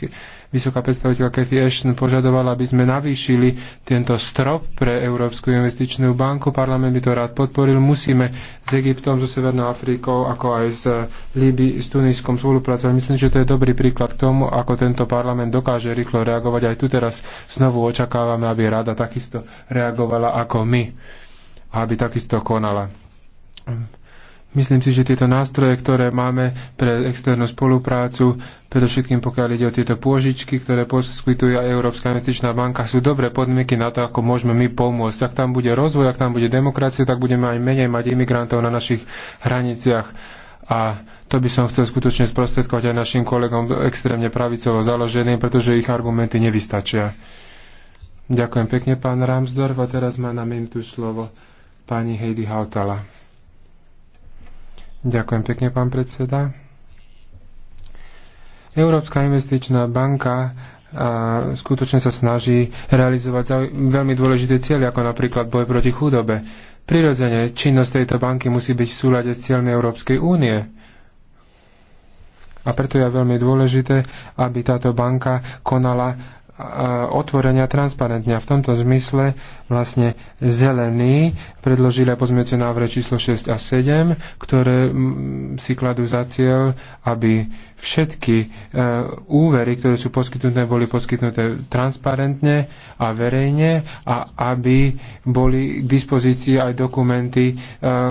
vysoká predstaviteľ Cathy Ashton požadovala, aby sme navýšili tento strop pre Európsku investičnú banku. Parlament by to rád podporil. Musíme s Egyptom, so Severnou Afrikou, ako aj s eh, Líby, s Tuniskom spolupracovať. Myslím, že to je dobrý príklad k tomu, ako tento parlament dokáže rýchlo reagovať. Aj tu teraz znovu očakávame, aby rada takisto reagovala ako my aby takisto konala. Myslím si, že tieto nástroje, ktoré máme pre externú spoluprácu, predovšetkým pokiaľ ide o tieto pôžičky, ktoré poskytuje Európska investičná banka, sú dobré podmienky na to, ako môžeme my pomôcť. Ak tam bude rozvoj, ak tam bude demokracia, tak budeme aj menej mať imigrantov na našich hraniciach. A to by som chcel skutočne sprostredkovať aj našim kolegom extrémne pravicovo založeným, pretože ich argumenty nevystačia. Ďakujem pekne, pán Ramsdorf. A teraz má na minútu slovo pani Heidi Hautala. Ďakujem pekne, pán predseda. Európska investičná banka a skutočne sa snaží realizovať veľmi dôležité ciele, ako napríklad boj proti chudobe. Prirodzene, činnosť tejto banky musí byť v súlade s cieľmi Európskej únie. A preto je veľmi dôležité, aby táto banka konala otvorenia transparentne. A v tomto zmysle vlastne zelení predložili pozmeňujúce návrhy číslo 6 a 7, ktoré si kladú za cieľ, aby všetky e, úvery, ktoré sú poskytnuté, boli poskytnuté transparentne a verejne a aby boli k dispozícii aj dokumenty, e,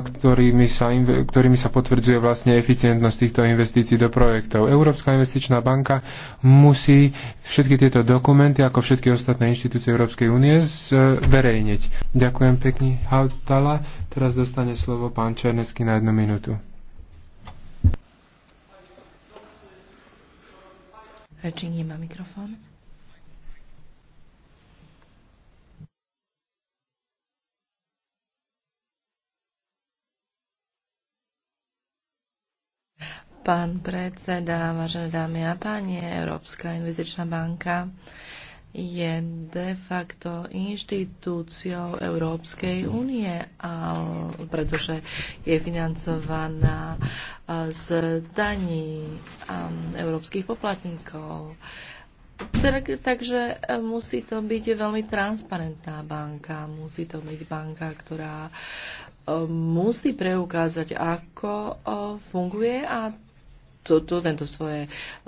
ktorými sa, ktorými sa potvrdzuje vlastne eficientnosť týchto investícií do projektov. Európska investičná banka musí všetky tieto dokumenty dokumenty, ako všetky ostatné inštitúcie Európskej únie, zverejniť. Ďakujem pekne, Hautala. Teraz dostane slovo pán Černesky na jednu minútu. Rečník nemá mikrofón. Pán predseda, vážené dámy a páni, Európska investičná banka je de facto inštitúciou Európskej únie, pretože je financovaná z daní európskych poplatníkov. Teda takže e, musí to byť veľmi transparentná banka, musí to byť banka, ktorá e, musí preukázať, ako e, funguje a to, tento svoje eh,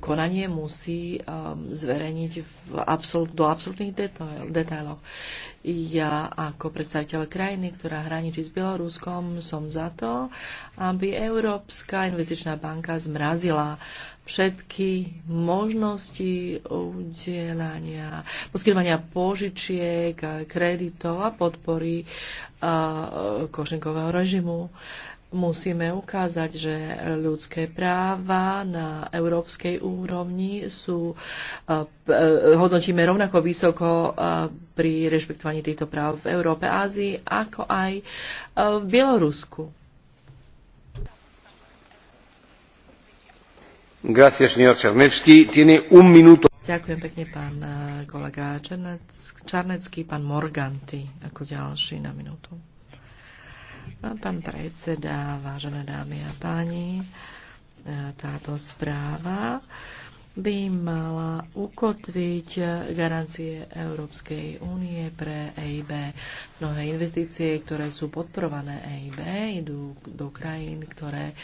konanie musí eh, zverejniť v absol- do absolútnych detail- Ja ako predstaviteľ krajiny, ktorá hraničí s Bieloruskom, som za to, aby Európska investičná banka zmrazila všetky možnosti udelania, poskytovania požičiek, kreditov a podpory eh, košenkového režimu. Uh, musíme ukázať, že ľudské práva na európskej úrovni sú, eh, eh, hodnotíme rovnako vysoko eh, pri rešpektovaní týchto práv v Európe, Ázii, ako aj v Bielorusku. Ďakujem pekne, pán kolega Čarnecký, pán Morganti, ako ďalší na minútu. Pán predseda, vážené dámy a páni, e, táto správa by mala ukotviť garancie Európskej únie pre EIB. Mnohé investície, ktoré sú podporované EIB, idú do krajín, ktoré e,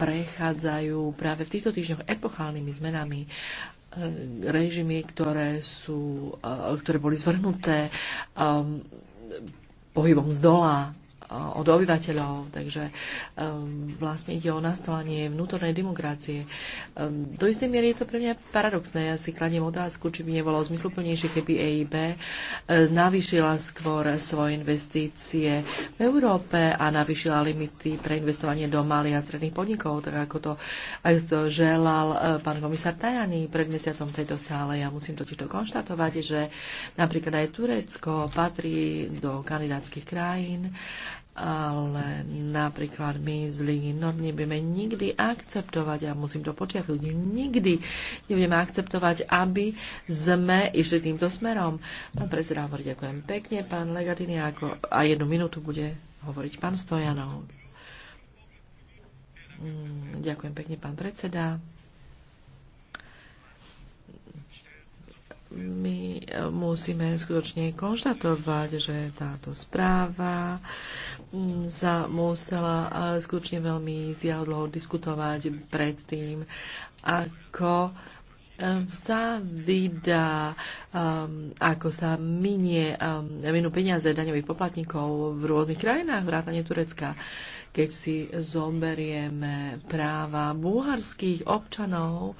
prechádzajú práve v týchto týždňoch epochálnymi zmenami e, režimy, ktoré, sú, ktoré boli zvrhnuté pohybom z dola Eh, od obyvateľov, takže vlastne ide o nastolanie vnútornej demokracie. do istej miery je to pre mňa paradoxné. Ja si kladiem otázku, či by nebolo zmysluplnejšie, keby EIB eh, navýšila skôr svoje investície v Európe a navýšila limity pre investovanie do malých a stredných podnikov, tak ako to aj to želal eh, pán komisár Tajani pred mesiacom tejto sále. Ja musím totiž to konštatovať, že napríklad aj Turecko patrí do kandidátskych krajín ale napríklad my z Lígy Nord nebudeme nikdy akceptovať, a musím to ľudí, nikdy nebudeme akceptovať, aby sme išli týmto smerom. Pán prezident, hovorí, ďakujem pekne, pán Legatini, ako, a jednu minútu bude hovoriť pán Stojanov. Mm, ďakujem pekne, pán predseda. my e, musíme skutočne konštatovať, že táto správa mm, sa musela e, skutočne veľmi zjadlo diskutovať pred tým, ako e, sa vydá, um, ako sa minie, um, minú peniaze daňových poplatníkov v rôznych krajinách, vrátane Turecka. Keď si zoberieme práva bulharských občanov,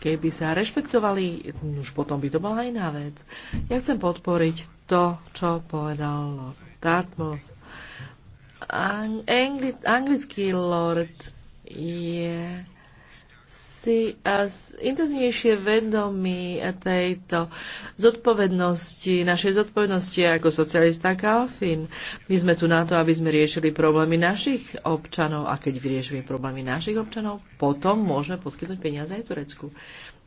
keby sa rešpektovali, už potom by to bola iná vec. Ja chcem podporiť to, čo povedal Dartmouth. Angli- anglický lord je si intenzívnejšie vedomí tejto zodpovednosti, našej zodpovednosti ako socialista Kalfin. My sme tu na to, aby sme riešili problémy našich občanov a keď vyriešime problémy našich občanov, potom môžeme poskytnúť peniaze aj Turecku.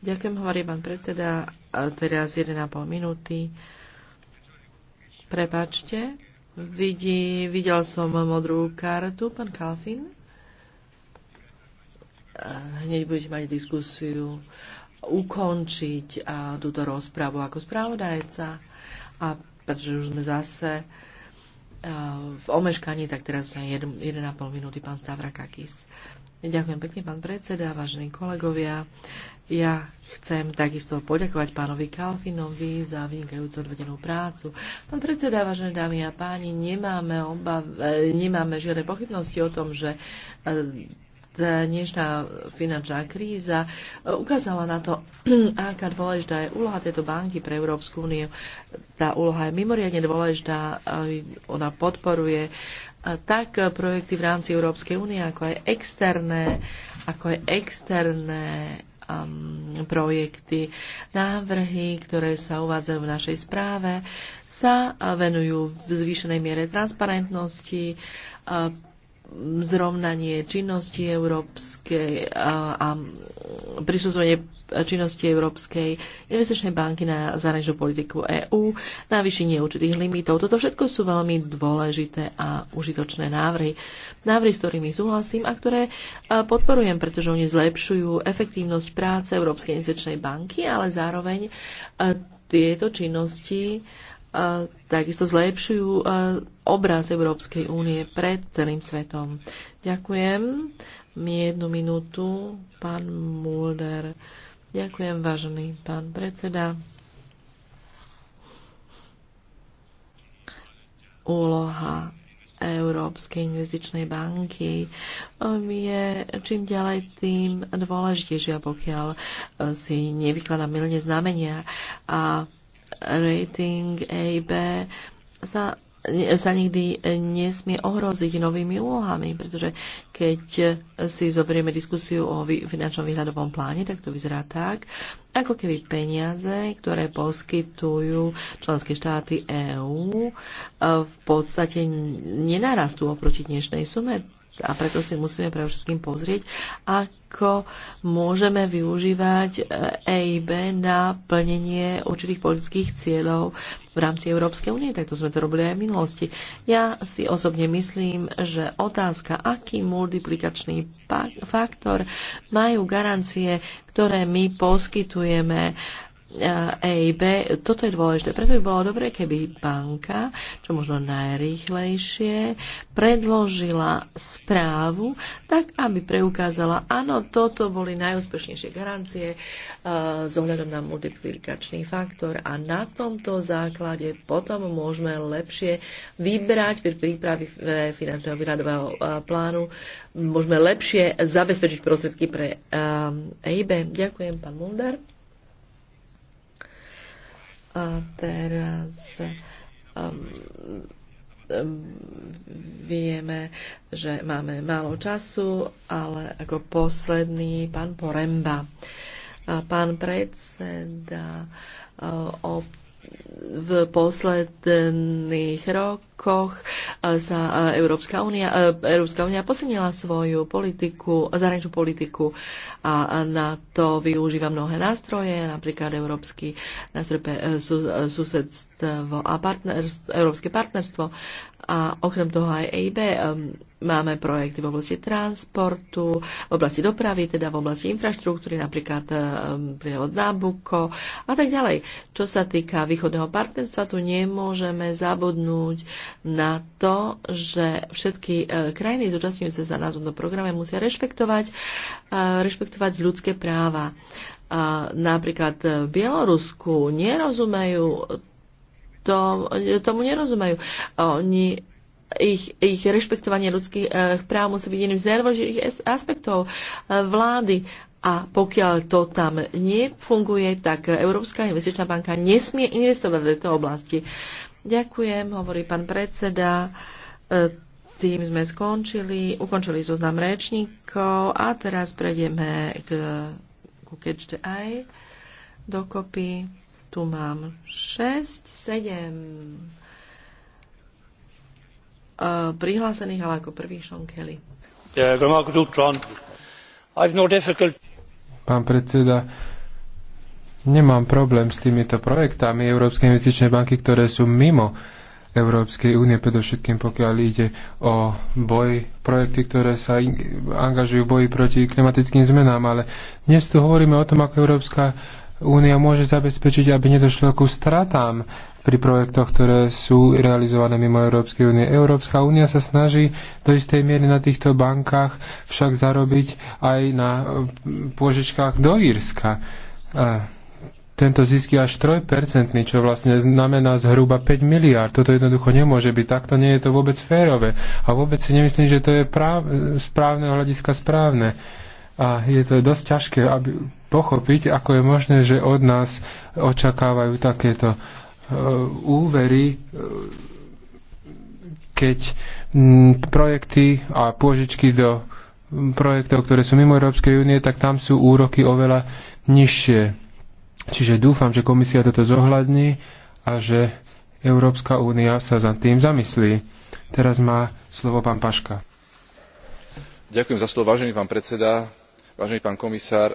Ďakujem, hovorí pán predseda. A teraz 1,5 minúty. Prepačte, vidí, videl som modrú kartu, pán Kalfin hneď budete mať diskusiu ukončiť a, túto rozprávu ako správodajca. A pretože už sme zase a, v omeškaní, tak teraz sme 1,5 minúty pán Stavrakakis. Ďakujem pekne, pán predseda, vážení kolegovia. Ja chcem takisto poďakovať pánovi Kalfinovi za vynikajúcu odvedenú prácu. Pán predseda, vážené dámy a páni, nemáme, obav, e, nemáme žiadne pochybnosti o tom, že e, dnešná e, finančná kríza e, ukázala na to, *clears throat* aká dôležitá je úloha tejto banky pre Európsku úniu. Tá úloha je mimoriadne dôležitá, e, ona podporuje tak projekty v rámci Európskej únie, ako aj externé, ako aj externé um, projekty, návrhy, ktoré sa uvádzajú v našej správe, sa venujú v zvýšenej miere transparentnosti, zrovnanie činnosti európskej a, a prisúzovanie činnosti Európskej investičnej banky na zahraničnú politiku EÚ, navýšenie určitých limitov. Toto všetko sú veľmi dôležité a užitočné návrhy. Návrhy, s ktorými súhlasím a ktoré podporujem, pretože oni zlepšujú efektívnosť práce Európskej investičnej banky, ale zároveň tieto činnosti takisto zlepšujú obraz Európskej únie pred celým svetom. Ďakujem. Mi jednu minútu, pán Mulder. Ďakujem, vážený pán predseda. Úloha Európskej investičnej banky je čím ďalej tým dôležitejšia, pokiaľ e, si nevykladá milne znamenia a rating AB sa, sa nikdy nesmie ohroziť novými úlohami, pretože keď si zoberieme diskusiu o finančnom výhľadovom pláne, tak to vyzerá tak, ako keby peniaze, ktoré poskytujú členské štáty EÚ, v podstate nenarastú oproti dnešnej sume a preto si musíme pre všetkým pozrieť, ako môžeme využívať EIB e na plnenie určitých politických cieľov v rámci Európskej únie. Takto sme to robili aj v minulosti. Ja si osobne myslím, že otázka, aký multiplikačný faktor majú garancie, ktoré my poskytujeme EIB. Toto je dôležité. Preto by bolo dobré, keby banka, čo možno najrýchlejšie, predložila správu, tak aby preukázala, áno, toto boli najúspešnejšie garancie e, s ohľadom na multiplikačný faktor a na tomto základe potom môžeme lepšie vybrať pri príprave finančného výhľadového e, plánu, môžeme lepšie zabezpečiť prostriedky pre EIB. E Ďakujem, pán Mulder. A teraz um, um, vieme, že máme málo času, ale ako posledný pán Poremba. Pán predseda, uh, v posledných rokoch sa e, Európska únia, e, Európska únia posilnila svoju politiku, zahraničnú politiku a na to využíva mnohé nástroje, napríklad Európsky nástroj e, sú, susedstvo a partnerstvo, Európske partnerstvo a okrem toho aj EIB máme projekty v oblasti transportu, v oblasti dopravy, teda v oblasti infraštruktúry, napríklad plynovod Nabuko a tak ďalej. Čo sa týka východného partnerstva, tu nemôžeme zabudnúť na to, že všetky e, krajiny zúčastňujúce sa na tomto programe musia rešpektovať, e, rešpektovať ľudské práva napríklad v Bielorusku nerozumejú to, tomu nerozumejú. Oni ich, ich rešpektovanie ľudských eh, práv musí byť jedným z najdôležitejších aspektov eh, vlády. A pokiaľ to tam nefunguje, tak Európska investičná banka nesmie investovať do tejto oblasti. Ďakujem, hovorí pán predseda. Eh, tým sme skončili, ukončili zoznam rečníkov a teraz prejdeme k, ku Catch the Eye dokopy. Tu mám 6, 7 eh, prihlásených, ale ako prvý Sean Kelly. No Pán predseda, nemám problém s týmito projektami Európskej investičnej banky, ktoré sú mimo Európskej únie, predovšetkým pokiaľ ide o boj, projekty, ktoré sa angažujú v boji proti klimatickým zmenám, ale dnes tu hovoríme o tom, ako Európska Únia môže zabezpečiť, aby nedošlo ku stratám pri projektoch, ktoré sú realizované mimo Európskej únie. Európska únia sa snaží do istej miery na týchto bankách však zarobiť aj na mm, pôžičkách do Írska. Tento zisk je až 3%, čo vlastne znamená zhruba 5 miliard. Toto jednoducho nemôže byť takto, nie je to vôbec férové. A vôbec si nemyslím, že to je práv- hľadiska správne. A je to dosť ťažké, aby pochopiť, ako je možné, že od nás očakávajú takéto e, úvery, e, keď projekty a pôžičky do projektov, ktoré sú mimo Európskej únie, tak tam sú úroky oveľa nižšie. Čiže dúfam, že komisia toto zohľadní a že Európska únia sa za tým zamyslí. Teraz má slovo pán Paška. Ďakujem za slovo, vážený pán predseda, vážený pán komisár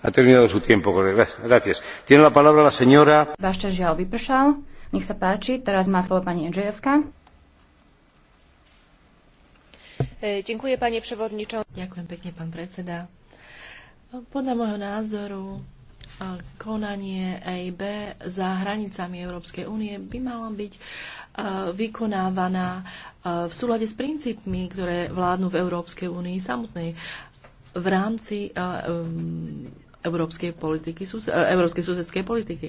Ha žiaľ vypršal. Nech sa páči, teraz má slovo pani Andrzejevská. E, ďakujem, pani prevodničo. Ďakujem pekne, pán predseda. No, podľa môjho názoru e, konanie EIB za hranicami Európskej únie by mala byť e, vykonávaná v súlade s princípmi, ktoré vládnu v Európskej únii samotnej v rámci európskej politiky, e, európskej susedskej politiky.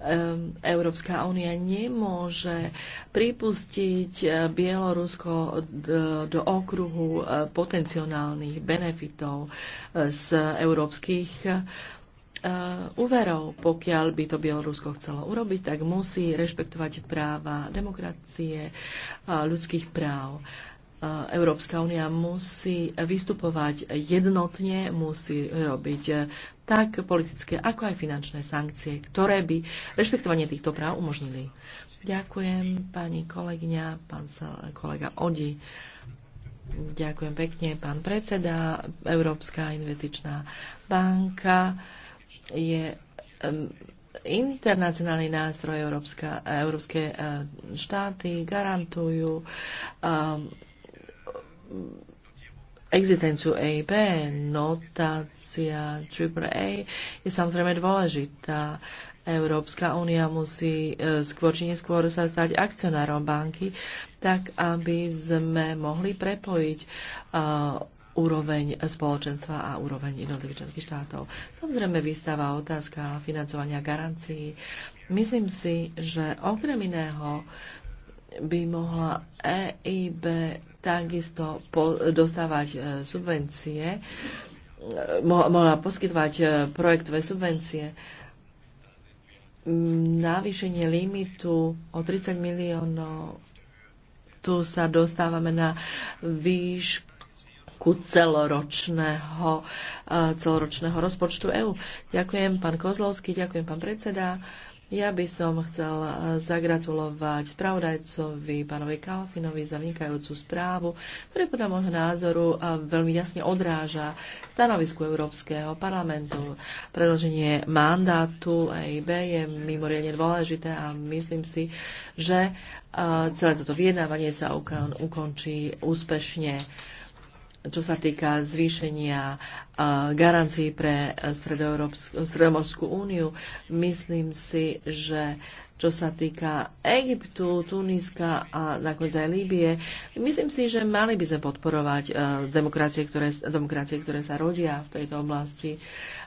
Ehm, Európska únia nemôže pripustiť e, Bielorusko do okruhu e, potenciálnych benefitov z európskych úverov. Pokiaľ by to Bielorusko chcelo urobiť, tak musí rešpektovať práva demokracie, ľudských práv. Európska únia musí vystupovať jednotne, musí robiť tak politické, ako aj finančné sankcie, ktoré by rešpektovanie týchto práv umožnili. Ďakujem pani kolegyňa, pán kolega Odi. Ďakujem pekne, pán predseda. Európska investičná banka je um, internacionálny nástroj Európska, európske eh, štáty garantujú um, existenciu EIB, notácia AAA je samozrejme dôležitá. Európska únia musí e, skôr či neskôr sa stať akcionárom banky, tak aby sme mohli prepojiť e, úroveň spoločenstva a úroveň jednotlivých členských štátov. Samozrejme vystáva otázka financovania garancií. Myslím si, že okrem iného by mohla EIB takisto po, dostávať e, subvencie, e, mohla poskytovať e, projektové subvencie. Navýšenie limitu o 30 miliónov, tu sa dostávame na výšku celoročného, celoročného rozpočtu EÚ. Ďakujem pán Kozlovský, ďakujem pán predseda. Ja by som chcel e, zagratulovať spravodajcovi, pánovi Kalfinovi, za vynikajúcu správu, ktorý podľa môjho názoru e, veľmi jasne odráža stanovisku Európskeho parlamentu. Predloženie mandátu EIB je mimoriadne dôležité a myslím si, že e, celé toto vyjednávanie sa ukončí úspešne čo sa týka zvýšenia garancií pre e, Stredomorskú úniu, myslím si, že čo sa týka Egyptu, Tuniska a nakoniec aj Líbie, myslím si, že mali by sme podporovať e, demokracie, ktoré, demokracie, ktoré sa rodia v tejto oblasti.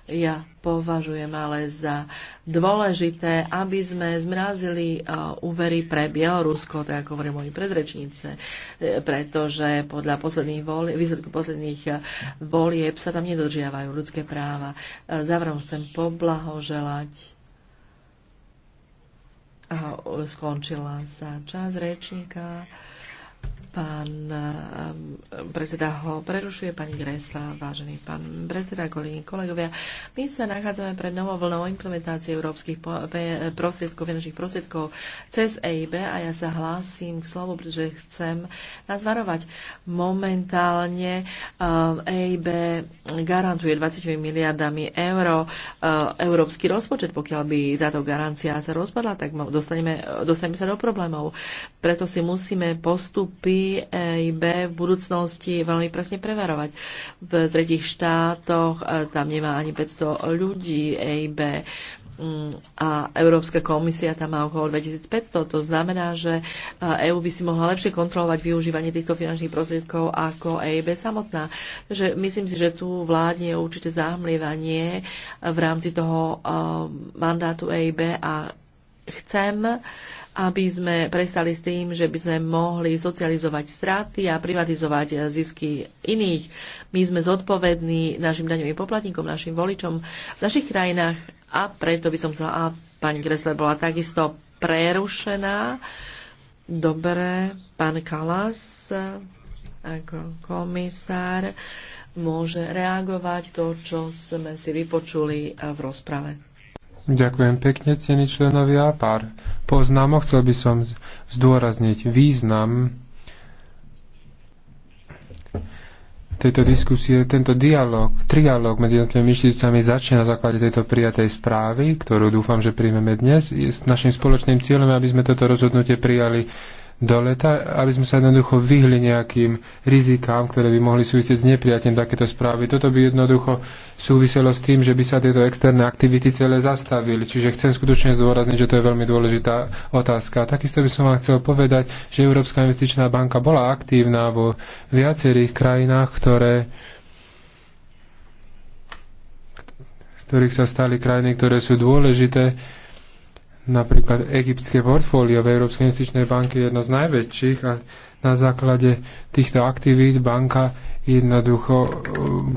Ja považujem ale za dôležité, aby sme zmrazili e, úvery pre Bielorusko, tak ako hovorí moji predrečnice, pretože podľa posledných voli, výsledku posledných e, volieb sa tam nedodržiavajú ľudské práva. E, záverom chcem poblahoželať a skončila sa čas rečníka. Pán ehm, predseda ho prerušuje, pani Gresla, vážený pán predseda, kolegy, kolegovia. My sa nachádzame pred novou vlnou implementácie európskych prostriedkov, finančných prostriedkov cez EIB a ja sa hlásim k slovu, pretože chcem nás varovať. Momentálne EIB ehm, e garantuje 20 miliardami eur ehm, európsky rozpočet. Pokiaľ by táto garancia sa rozpadla, tak dostaneme, dostaneme sa do problémov. Preto si musíme postupy EIB eh, v budúcnosti veľmi presne preverovať. V tretich štátoch eh, tam nemá ani 500 ľudí EIB mm, a Európska komisia tam má okolo 2500. To znamená, že EÚ eh, e by si mohla lepšie kontrolovať využívanie týchto finančných prostriedkov ako EIB samotná. Takže myslím si, že tu vládne určite zahmlievanie v rámci toho mandátu EIB a chcem, aby sme prestali s tým, že by sme mohli socializovať straty a privatizovať eh, zisky iných. My sme zodpovední našim daňovým poplatníkom, našim voličom v našich krajinách a preto by som chcela, a pani Kresler bola takisto prerušená. Dobre, pán Kalas ako komisár môže reagovať to, čo sme si vypočuli v rozprave. Ďakujem pekne, cení členovia. Pár poznámok. Chcel by som zdôrazniť význam tejto diskusie, tento dialog, trialog medzi jednotlivými inštitúciami začne na základe tejto prijatej správy, ktorú dúfam, že príjmeme dnes. Je s našim spoločným cieľom, aby sme toto rozhodnutie prijali do leta, aby sme sa jednoducho vyhli nejakým rizikám, ktoré by mohli súvisieť s nepriatím takéto správy. Toto by jednoducho súviselo s tým, že by sa tieto externé aktivity celé zastavili. Čiže chcem skutočne zdôrazniť, že to je veľmi dôležitá otázka. Takisto by som vám chcel povedať, že Európska investičná banka bola aktívna vo viacerých krajinách, ktoré ktorých sa stali krajiny, ktoré sú dôležité Napríklad egyptské portfólio v Európskej investičnej banke je jedno z najväčších a na základe týchto aktivít banka jednoducho e,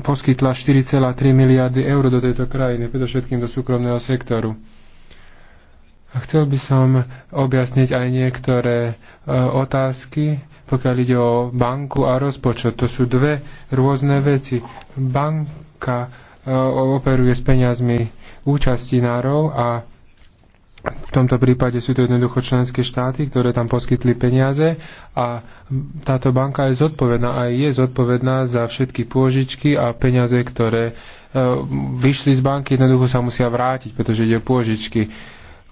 poskytla 4,3 miliardy eur do tejto krajiny, predovšetkým do súkromného sektoru. A chcel by som objasniť aj niektoré e, otázky, pokiaľ ide o banku a rozpočet. To sú dve rôzne veci. Banka e, operuje s peniazmi účastinárov a v tomto prípade sú to jednoducho členské štáty, ktoré tam poskytli peniaze a táto banka je zodpovedná aj je zodpovedná za všetky pôžičky a peniaze, ktoré e, vyšli z banky, jednoducho sa musia vrátiť, pretože ide o pôžičky.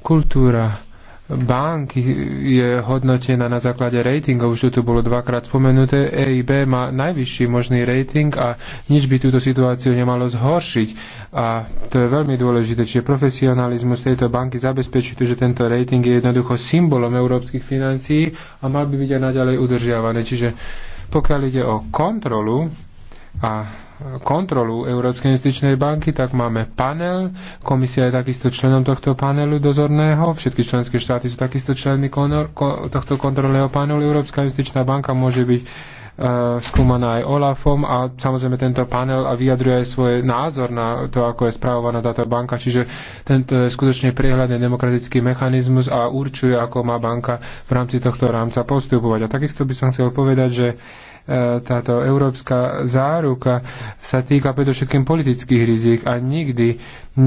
Kultúra, Bank je hodnotená na základe ratingov, už to tu bolo dvakrát spomenuté, EIB má najvyšší možný rating a nič by túto situáciu nemalo zhoršiť. A to je veľmi dôležité, čiže profesionalizmus tejto banky zabezpečí to, že tento rating je jednoducho symbolom európskych financií a mal by byť aj naďalej udržiavaný. Čiže pokiaľ ide o kontrolu a kontrolu Európskej investičnej banky, tak máme panel, komisia je takisto členom tohto panelu dozorného, všetky členské štáty sú takisto členmi konor, ko, tohto kontrolného panelu. Európska investičná banka môže byť uh, skúmaná aj OLAFom a samozrejme tento panel a vyjadruje aj svoj názor na to, ako je spravovaná táto banka. Čiže tento je skutočne priehľadný demokratický mechanizmus a určuje, ako má banka v rámci tohto rámca postupovať. A takisto by som chcel povedať, že táto európska záruka sa týka predovšetkým politických rizik a nikdy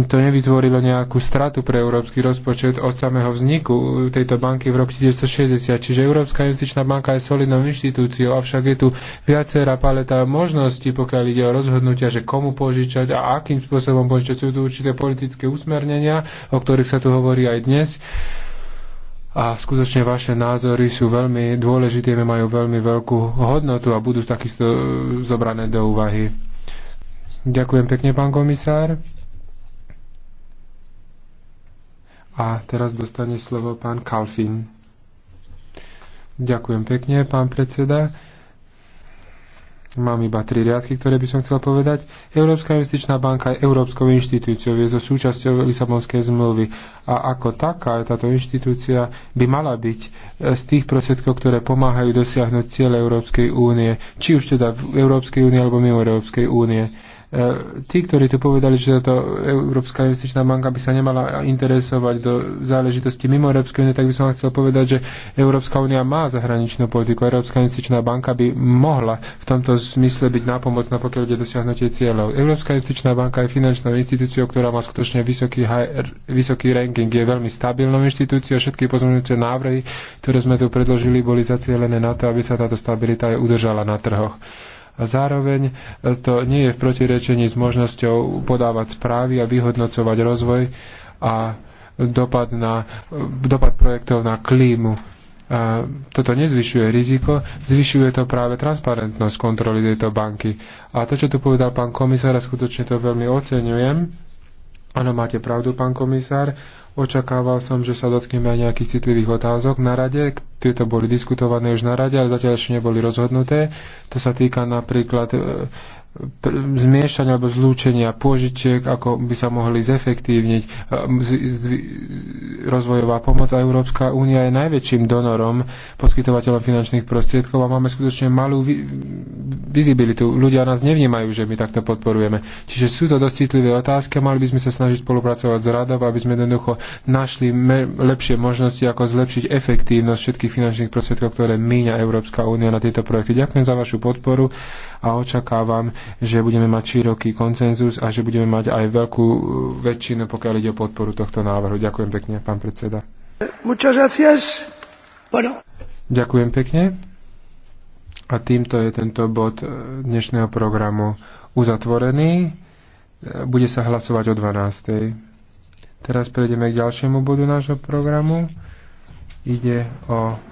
to nevytvorilo nejakú stratu pre európsky rozpočet od samého vzniku tejto banky v roku 1960. Čiže Európska investičná banka je solidnou inštitúciou, avšak je tu viacerá paleta možností, pokiaľ ide o rozhodnutia, že komu požičať a akým spôsobom požičať. Sú tu určité politické usmernenia, o ktorých sa tu hovorí aj dnes a skutočne vaše názory sú veľmi dôležité, majú veľmi veľkú hodnotu a budú takisto e, zobrané do úvahy. Ďakujem pekne, pán komisár. A teraz dostane slovo pán Kalfin. Ďakujem pekne, pán predseda. Mám iba tri riadky, ktoré by som chcel povedať. Európska investičná banka je európskou inštitúciou, je zo súčasťou Lisabonskej zmluvy a ako taká táto inštitúcia by mala byť e, z tých prostriedkov, ktoré pomáhajú dosiahnuť cieľe Európskej únie, či už teda v Európskej únie alebo mimo Európskej únie E, tí, ktorí tu povedali, že to Európska investičná banka by sa nemala interesovať do záležitosti mimo Európskej únie, tak by som chcel povedať, že Európska únia má zahraničnú politiku. Európska investičná banka by mohla v tomto zmysle byť nápomocná, pokiaľ ide dosiahnutie cieľov. Európska investičná banka je finančnou inštitúciou, ktorá má skutočne vysoký, high, vysoký ranking. Je veľmi stabilnou inštitúciou. Všetky pozmeňujúce návrhy, ktoré sme tu predložili, boli zacielené na to, aby sa táto stabilita aj udržala na trhoch. A zároveň e, to nie je v protirečení s možnosťou podávať správy a vyhodnocovať rozvoj a dopad, na, e, dopad projektov na klímu. A e, toto nezvyšuje riziko, zvyšuje to práve transparentnosť kontroly tejto banky. A to, čo tu povedal pán komisár, a skutočne to veľmi oceňujem. Áno, máte pravdu, pán komisár. Očakával som, že sa dotkneme aj nejakých citlivých otázok na rade. Tieto boli diskutované už na rade, ale zatiaľ ešte neboli rozhodnuté. To sa týka napríklad e, zmiešania alebo zlúčenia pôžičiek, ako by sa mohli zefektívniť. E, rozvojová pomoc a Európska únia je najväčším donorom, poskytovateľom finančných prostriedkov a máme skutočne malú vizibilitu. Ľudia nás nevnímajú, že my takto podporujeme. Čiže sú to dosť citlivé otázky a mali by sme sa snažiť spolupracovať s radou, aby sme jednoducho našli lepšie možnosti, ako zlepšiť efektívnosť všetkých finančných prostriedkov, ktoré míňa Európska únia na tieto projekty. Ďakujem za vašu podporu a očakávam, že budeme mať široký koncenzus a že budeme mať aj veľkú e, väčšinu, pokiaľ ide o podporu tohto návrhu. Ďakujem pekne, pán predseda. Bueno. Ďakujem pekne. A týmto je tento bod e, dnešného programu uzatvorený. E, bude sa hlasovať o 12. Teraz prejdeme k ďalšiemu bodu nášho programu. Ide o